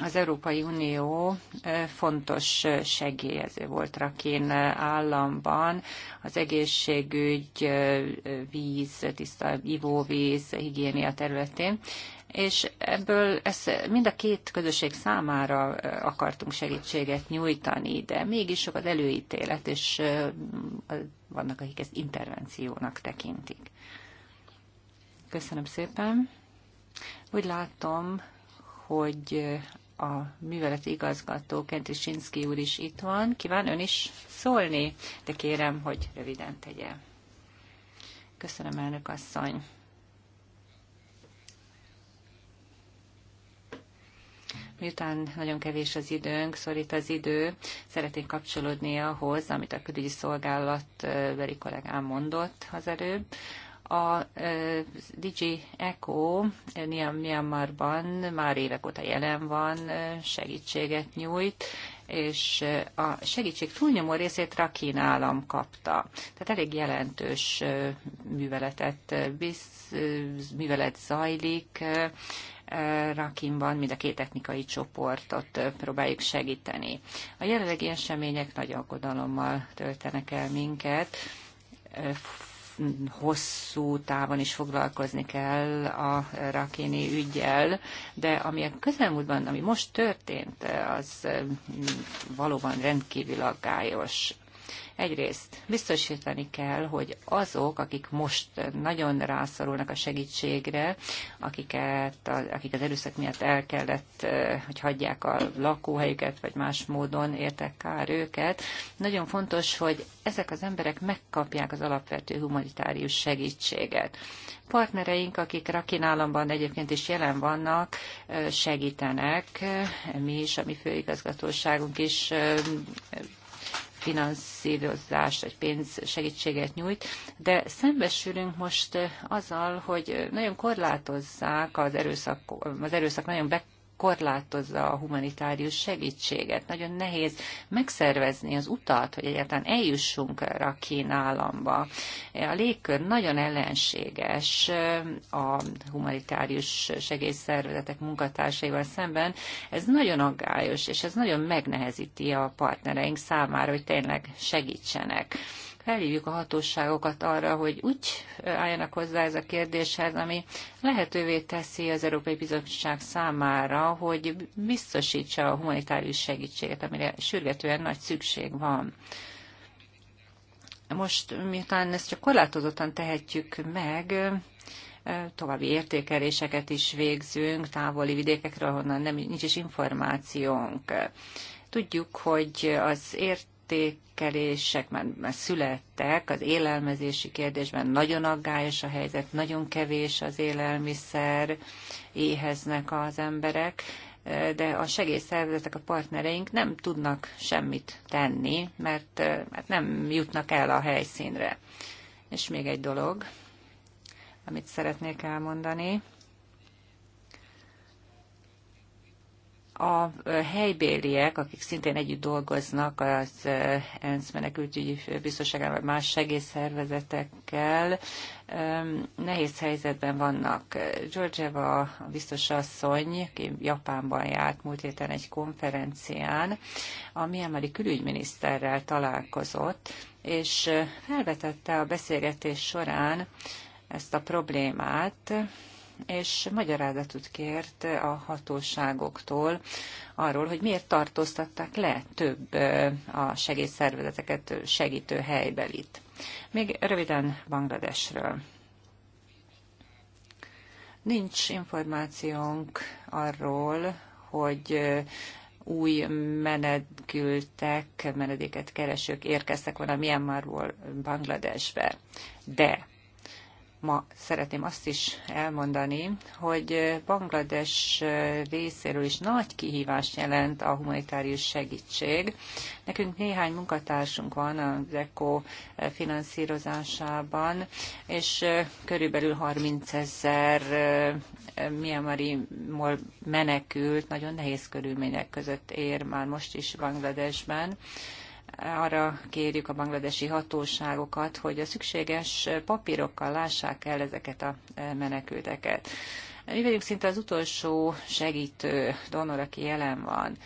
az Európai Unió fontos segélyező volt Rakén államban. Az egészségügy, víz, tiszta ivóvíz, higiénia területén és ebből ezt mind a két közösség számára akartunk segítséget nyújtani, de mégis sok az előítélet, és vannak, akik ezt intervenciónak tekintik. Köszönöm szépen. Úgy látom, hogy a műveleti igazgató Sinszki úr is itt van. Kíván ön is szólni, de kérem, hogy röviden tegye. Köszönöm, elnök asszony. Miután nagyon kevés az időnk, szorít az idő, szeretnék kapcsolódni ahhoz, amit a külügyi veri kollégám mondott az előbb. A uh, Echo Eco Myanmarban már évek óta jelen van, segítséget nyújt, és a segítség túlnyomó részét Rakin állam kapta. Tehát elég jelentős műveletet, bizt, művelet zajlik, Rakinban mind a két etnikai csoportot próbáljuk segíteni. A jelenlegi események nagy aggodalommal töltenek el minket hosszú távon is foglalkozni kell a rakéni ügyjel, de ami a közelmúltban, ami most történt, az valóban rendkívül aggályos. Egyrészt biztosítani kell, hogy azok, akik most nagyon rászorulnak a segítségre, akiket, akik az erőszak miatt el kellett, hogy hagyják a lakóhelyüket, vagy más módon értek kár őket, nagyon fontos, hogy ezek az emberek megkapják az alapvető humanitárius segítséget. Partnereink, akik Rakin államban egyébként is jelen vannak, segítenek. Mi is, a mi főigazgatóságunk is finanszírozást vagy pénzsegítséget nyújt, de szembesülünk most eh, azzal, hogy nagyon korlátozzák az erőszak, az erőszak nagyon be korlátozza a humanitárius segítséget. Nagyon nehéz megszervezni az utat, hogy egyáltalán eljussunk erre a kínálamba. A légkör nagyon ellenséges a humanitárius segélyszervezetek munkatársaival szemben. Ez nagyon aggályos, és ez nagyon megnehezíti a partnereink számára, hogy tényleg segítsenek felhívjuk a hatóságokat arra, hogy úgy álljanak hozzá ez a kérdéshez, ami lehetővé teszi az Európai Bizottság számára, hogy biztosítsa a humanitárius segítséget, amire sürgetően nagy szükség van. Most, miután ezt csak korlátozottan tehetjük meg, további értékeléseket is végzünk távoli vidékekről, ahonnan nem, nincs is információnk. Tudjuk, hogy az ért értékelések már, már születtek, az élelmezési kérdésben nagyon aggályos a helyzet, nagyon kevés az élelmiszer, éheznek az emberek, de a segélyszervezetek, a partnereink nem tudnak semmit tenni, mert, mert nem jutnak el a helyszínre. És még egy dolog, amit szeretnék elmondani a helybéliek, akik szintén együtt dolgoznak az ENSZ menekültügyi biztonságával, más segélyszervezetekkel, nehéz helyzetben vannak. Georgieva, a biztos asszony, aki Japánban járt múlt héten egy konferencián, a Miamari külügyminiszterrel találkozott, és felvetette a beszélgetés során ezt a problémát, és magyarázatot kért a hatóságoktól arról, hogy miért tartóztatták le több a segélyszervezeteket segítő helybelit. Még röviden Bangladesről. Nincs információnk arról, hogy új menedkültek, menedéket keresők érkeztek volna Myanmarból Bangladesbe. De ma szeretném azt is elmondani, hogy Banglades részéről is nagy kihívást jelent a humanitárius segítség. Nekünk néhány munkatársunk van az ECO finanszírozásában, és körülbelül 30 ezer eh, miamari menekült nagyon nehéz körülmények között ér már most is Bangladesben arra kérjük a bangladesi hatóságokat, hogy a szükséges papírokkal lássák el ezeket a e, menekülteket. Mi vagyunk szinte az utolsó segítő donor, aki jelen van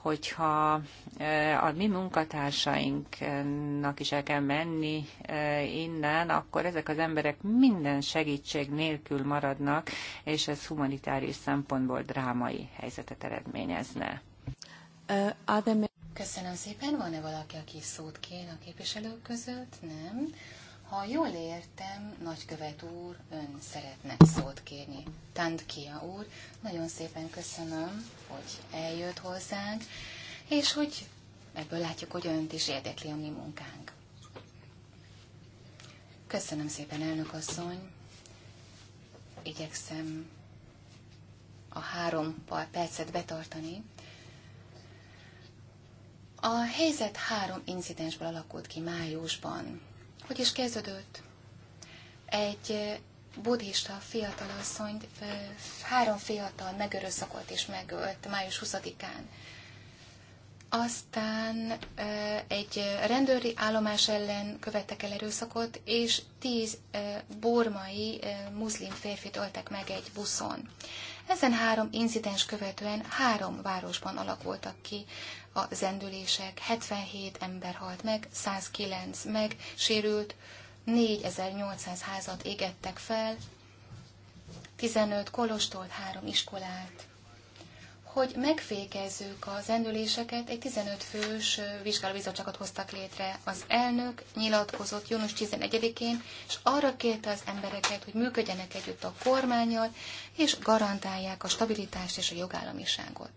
hogyha e, a mi munkatársainknak is el kell menni e, innen, akkor ezek az emberek minden segítség nélkül maradnak, és ez humanitárius szempontból drámai helyzetet eredményezne. Köszönöm szépen. Van-e valaki, aki szót kér a képviselők között? Nem. Ha jól értem, nagykövet úr, ön szeretne szót kérni. Tandkia úr, nagyon szépen köszönöm, hogy eljött hozzánk, és hogy ebből látjuk, hogy önt is érdekli a mi munkánk. Köszönöm szépen, elnök asszony. Igyekszem a három percet betartani. A helyzet három incidensből alakult ki májusban. Hogy is kezdődött? Egy buddhista fiatalasszonyt három fiatal megörösszakolt és megölt május 20-án. Aztán egy rendőri állomás ellen követtek el erőszakot, és tíz burmai muszlim férfit öltek meg egy buszon. Ezen három incidens követően három városban alakultak ki a zendülések, 77 ember halt meg, 109 meg sérült, 4800 házat égettek fel, 15 kolostort, három iskolát, hogy megfékezzük az endüléseket, egy 15 fős vizsgálóbizottságot hoztak létre. Az elnök nyilatkozott június 11-én, és arra kérte az embereket, hogy működjenek együtt a kormányjal, és garantálják a stabilitást és a jogállamiságot.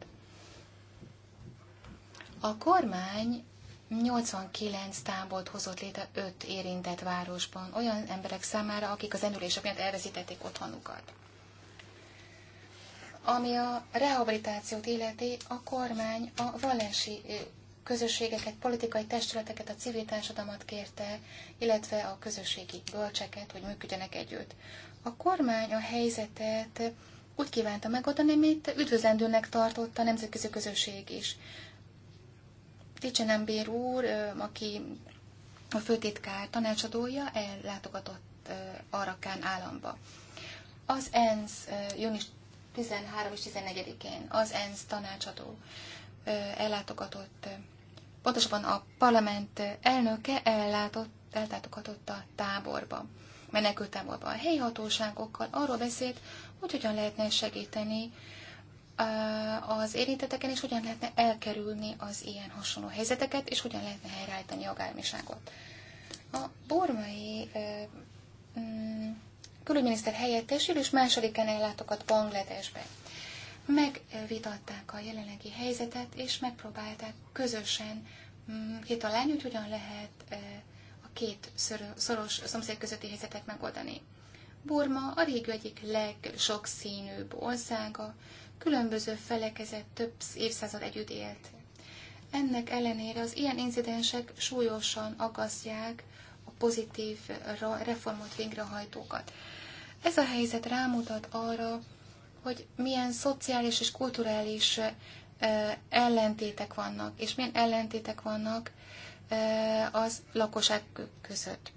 A kormány 89 tábort hozott létre 5 érintett városban, olyan emberek számára, akik az endülések miatt elveszítették otthonukat. Ami a rehabilitációt illeti, a kormány a valási közösségeket, politikai testületeket, a civil társadalmat kérte, illetve a közösségi bölcseket, hogy működjenek együtt. A kormány a helyzetet úgy kívánta megoldani, amit üdvözlendőnek tartott a nemzetközi közösség is. Bér úr, aki a főtitkár tanácsadója, ellátogatott Arakán államba. Az ENSZ június 13 és 14-én az ENSZ tanácsadó ellátogatott, pontosabban a parlament elnöke ellátott, ellátogatott a táborba, menekült táborba a helyi hatóságokkal, arról beszélt, hogy hogyan lehetne segíteni az érinteteken, és hogyan lehetne elkerülni az ilyen hasonló helyzeteket, és hogyan lehetne helyreállítani a A bormai külügyminiszter helyettes és másodikán ellátogat Bangladesbe. Megvitatták a jelenlegi helyzetet, és megpróbálták közösen kitalálni, mm, hogy hogyan lehet e, a két szoros szomszéd közötti helyzetet megoldani. Burma a régió egyik legsokszínűbb országa, különböző felekezet több évszázad együtt élt. Ennek ellenére az ilyen incidensek súlyosan agasztják a pozitív reformot végrehajtókat. Ez a helyzet rámutat arra, hogy milyen szociális és kulturális ellentétek vannak, és milyen ellentétek vannak az lakosság között.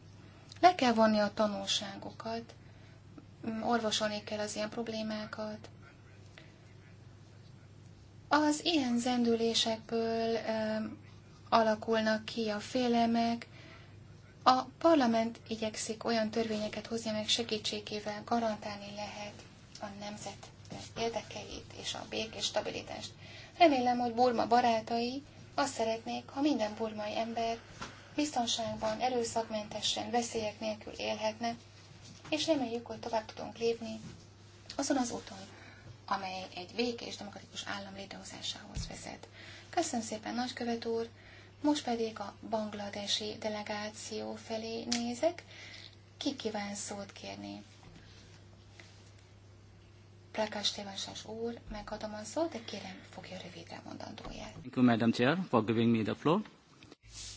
Le kell vonni a tanulságokat, orvosolni kell az ilyen problémákat. Az ilyen zendülésekből alakulnak ki a félelmek, a parlament igyekszik olyan törvényeket hozni, amelyek segítségével garantálni lehet a nemzet érdekeit és a békés stabilitást. Remélem, hogy Burma barátai azt szeretnék, ha minden burmai ember biztonságban, erőszakmentesen, veszélyek nélkül élhetne, és reméljük, hogy tovább tudunk lépni azon az úton, amely egy békés, demokratikus állam létrehozásához vezet. Köszönöm szépen, nagykövet úr! Most pedig a bangladesi delegáció felé nézek. Ki kíván szót kérni? Prakash Tévásás úr, megadom a szót, de kérem, fogja rövidre mondandóját. Thank you, Madam Chair, for giving me the floor.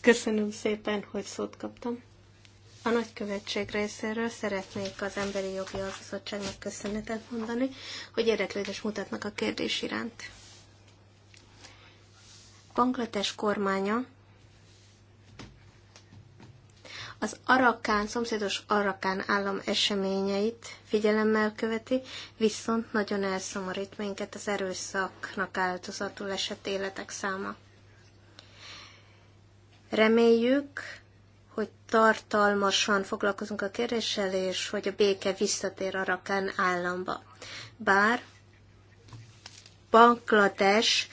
Köszönöm szépen, hogy szót kaptam. A nagykövetség részéről szeretnék az Emberi Jogi Alkoszatságnak köszönetet mondani, hogy érdeklődés mutatnak a kérdés iránt. Banglades kormánya az Arakán, szomszédos Arakán állam eseményeit figyelemmel követi, viszont nagyon elszomorít minket az erőszaknak áldozatul esett életek száma. Reméljük, hogy tartalmasan foglalkozunk a kérdéssel, és hogy a béke visszatér Arakán államba. Bár Bangladesh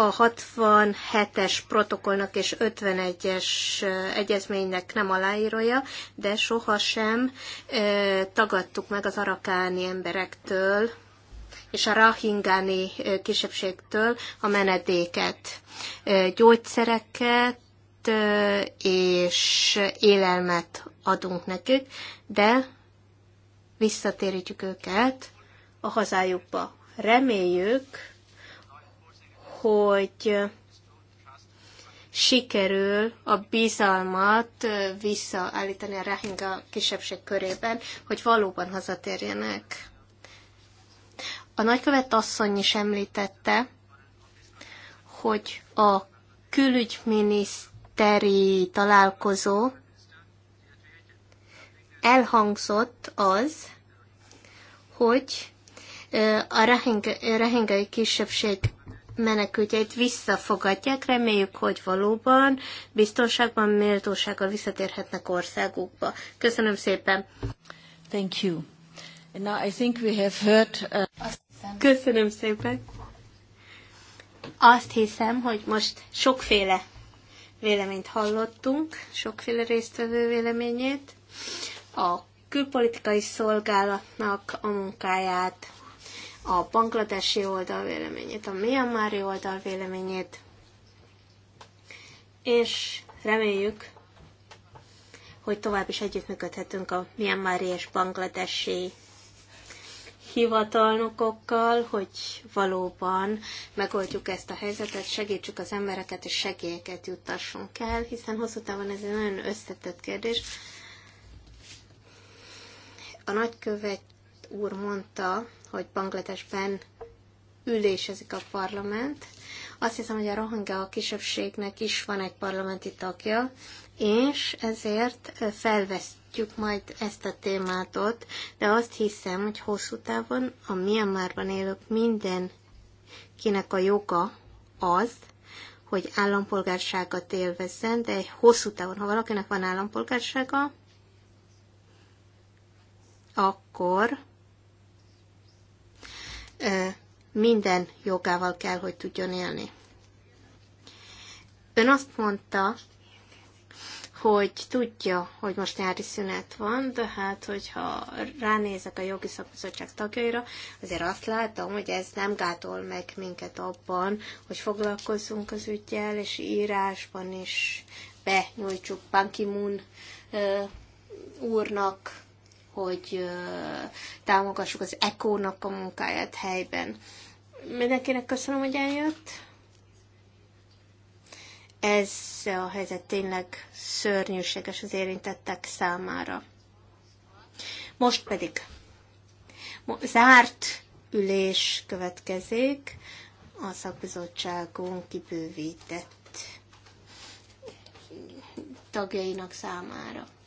a 67-es protokollnak és 51-es egyezménynek nem aláírója, de sohasem tagadtuk meg az arakáni emberektől és a rahingáni kisebbségtől a menedéket, gyógyszereket és élelmet adunk nekik, de visszatérítjük őket a hazájukba. Reméljük, hogy sikerül a bizalmat visszaállítani a Rahinga kisebbség körében, hogy valóban hazatérjenek. A nagykövet asszony is említette, hogy a külügyminiszteri találkozó elhangzott az, hogy a rahingai kisebbség menekültjeit visszafogadják. Reméljük, hogy valóban biztonságban, méltósággal visszatérhetnek országukba. Köszönöm szépen. Thank you. And now I think we have heard, uh... Köszönöm szépen. Azt hiszem, hogy most sokféle véleményt hallottunk, sokféle résztvevő véleményét, a külpolitikai szolgálatnak a munkáját, a bangladesi oldal véleményét, a Myanmari oldal véleményét, és reméljük, hogy tovább is együttműködhetünk a Myanmari és bangladesi hivatalnokokkal, hogy valóban megoldjuk ezt a helyzetet, segítsük az embereket, és segélyeket juttassunk el, hiszen hosszú távon ez egy nagyon összetett kérdés. A nagykövet úr mondta, hogy Bangladesben ülésezik a parlament. Azt hiszem, hogy a Rohingya a kisebbségnek is van egy parlamenti tagja, és ezért felvesztjük majd ezt a témát ott, de azt hiszem, hogy hosszú távon a Myanmarban élők mindenkinek a joga az, hogy állampolgárságot élvezzen, de egy hosszú távon, ha valakinek van állampolgársága, akkor minden jogával kell, hogy tudjon élni. Ön azt mondta, hogy tudja, hogy most nyári szünet van, de hát, hogyha ránézek a jogi szakbizottság tagjaira, azért azt látom, hogy ez nem gátol meg minket abban, hogy foglalkozzunk az ügyjel, és írásban is benyújtsuk Pankimun úrnak hogy támogassuk az eko nak a munkáját helyben. Mindenkinek köszönöm, hogy eljött. Ez a helyzet tényleg szörnyűséges az érintettek számára. Most pedig zárt ülés következik a szakbizottságon kibővített tagjainak számára.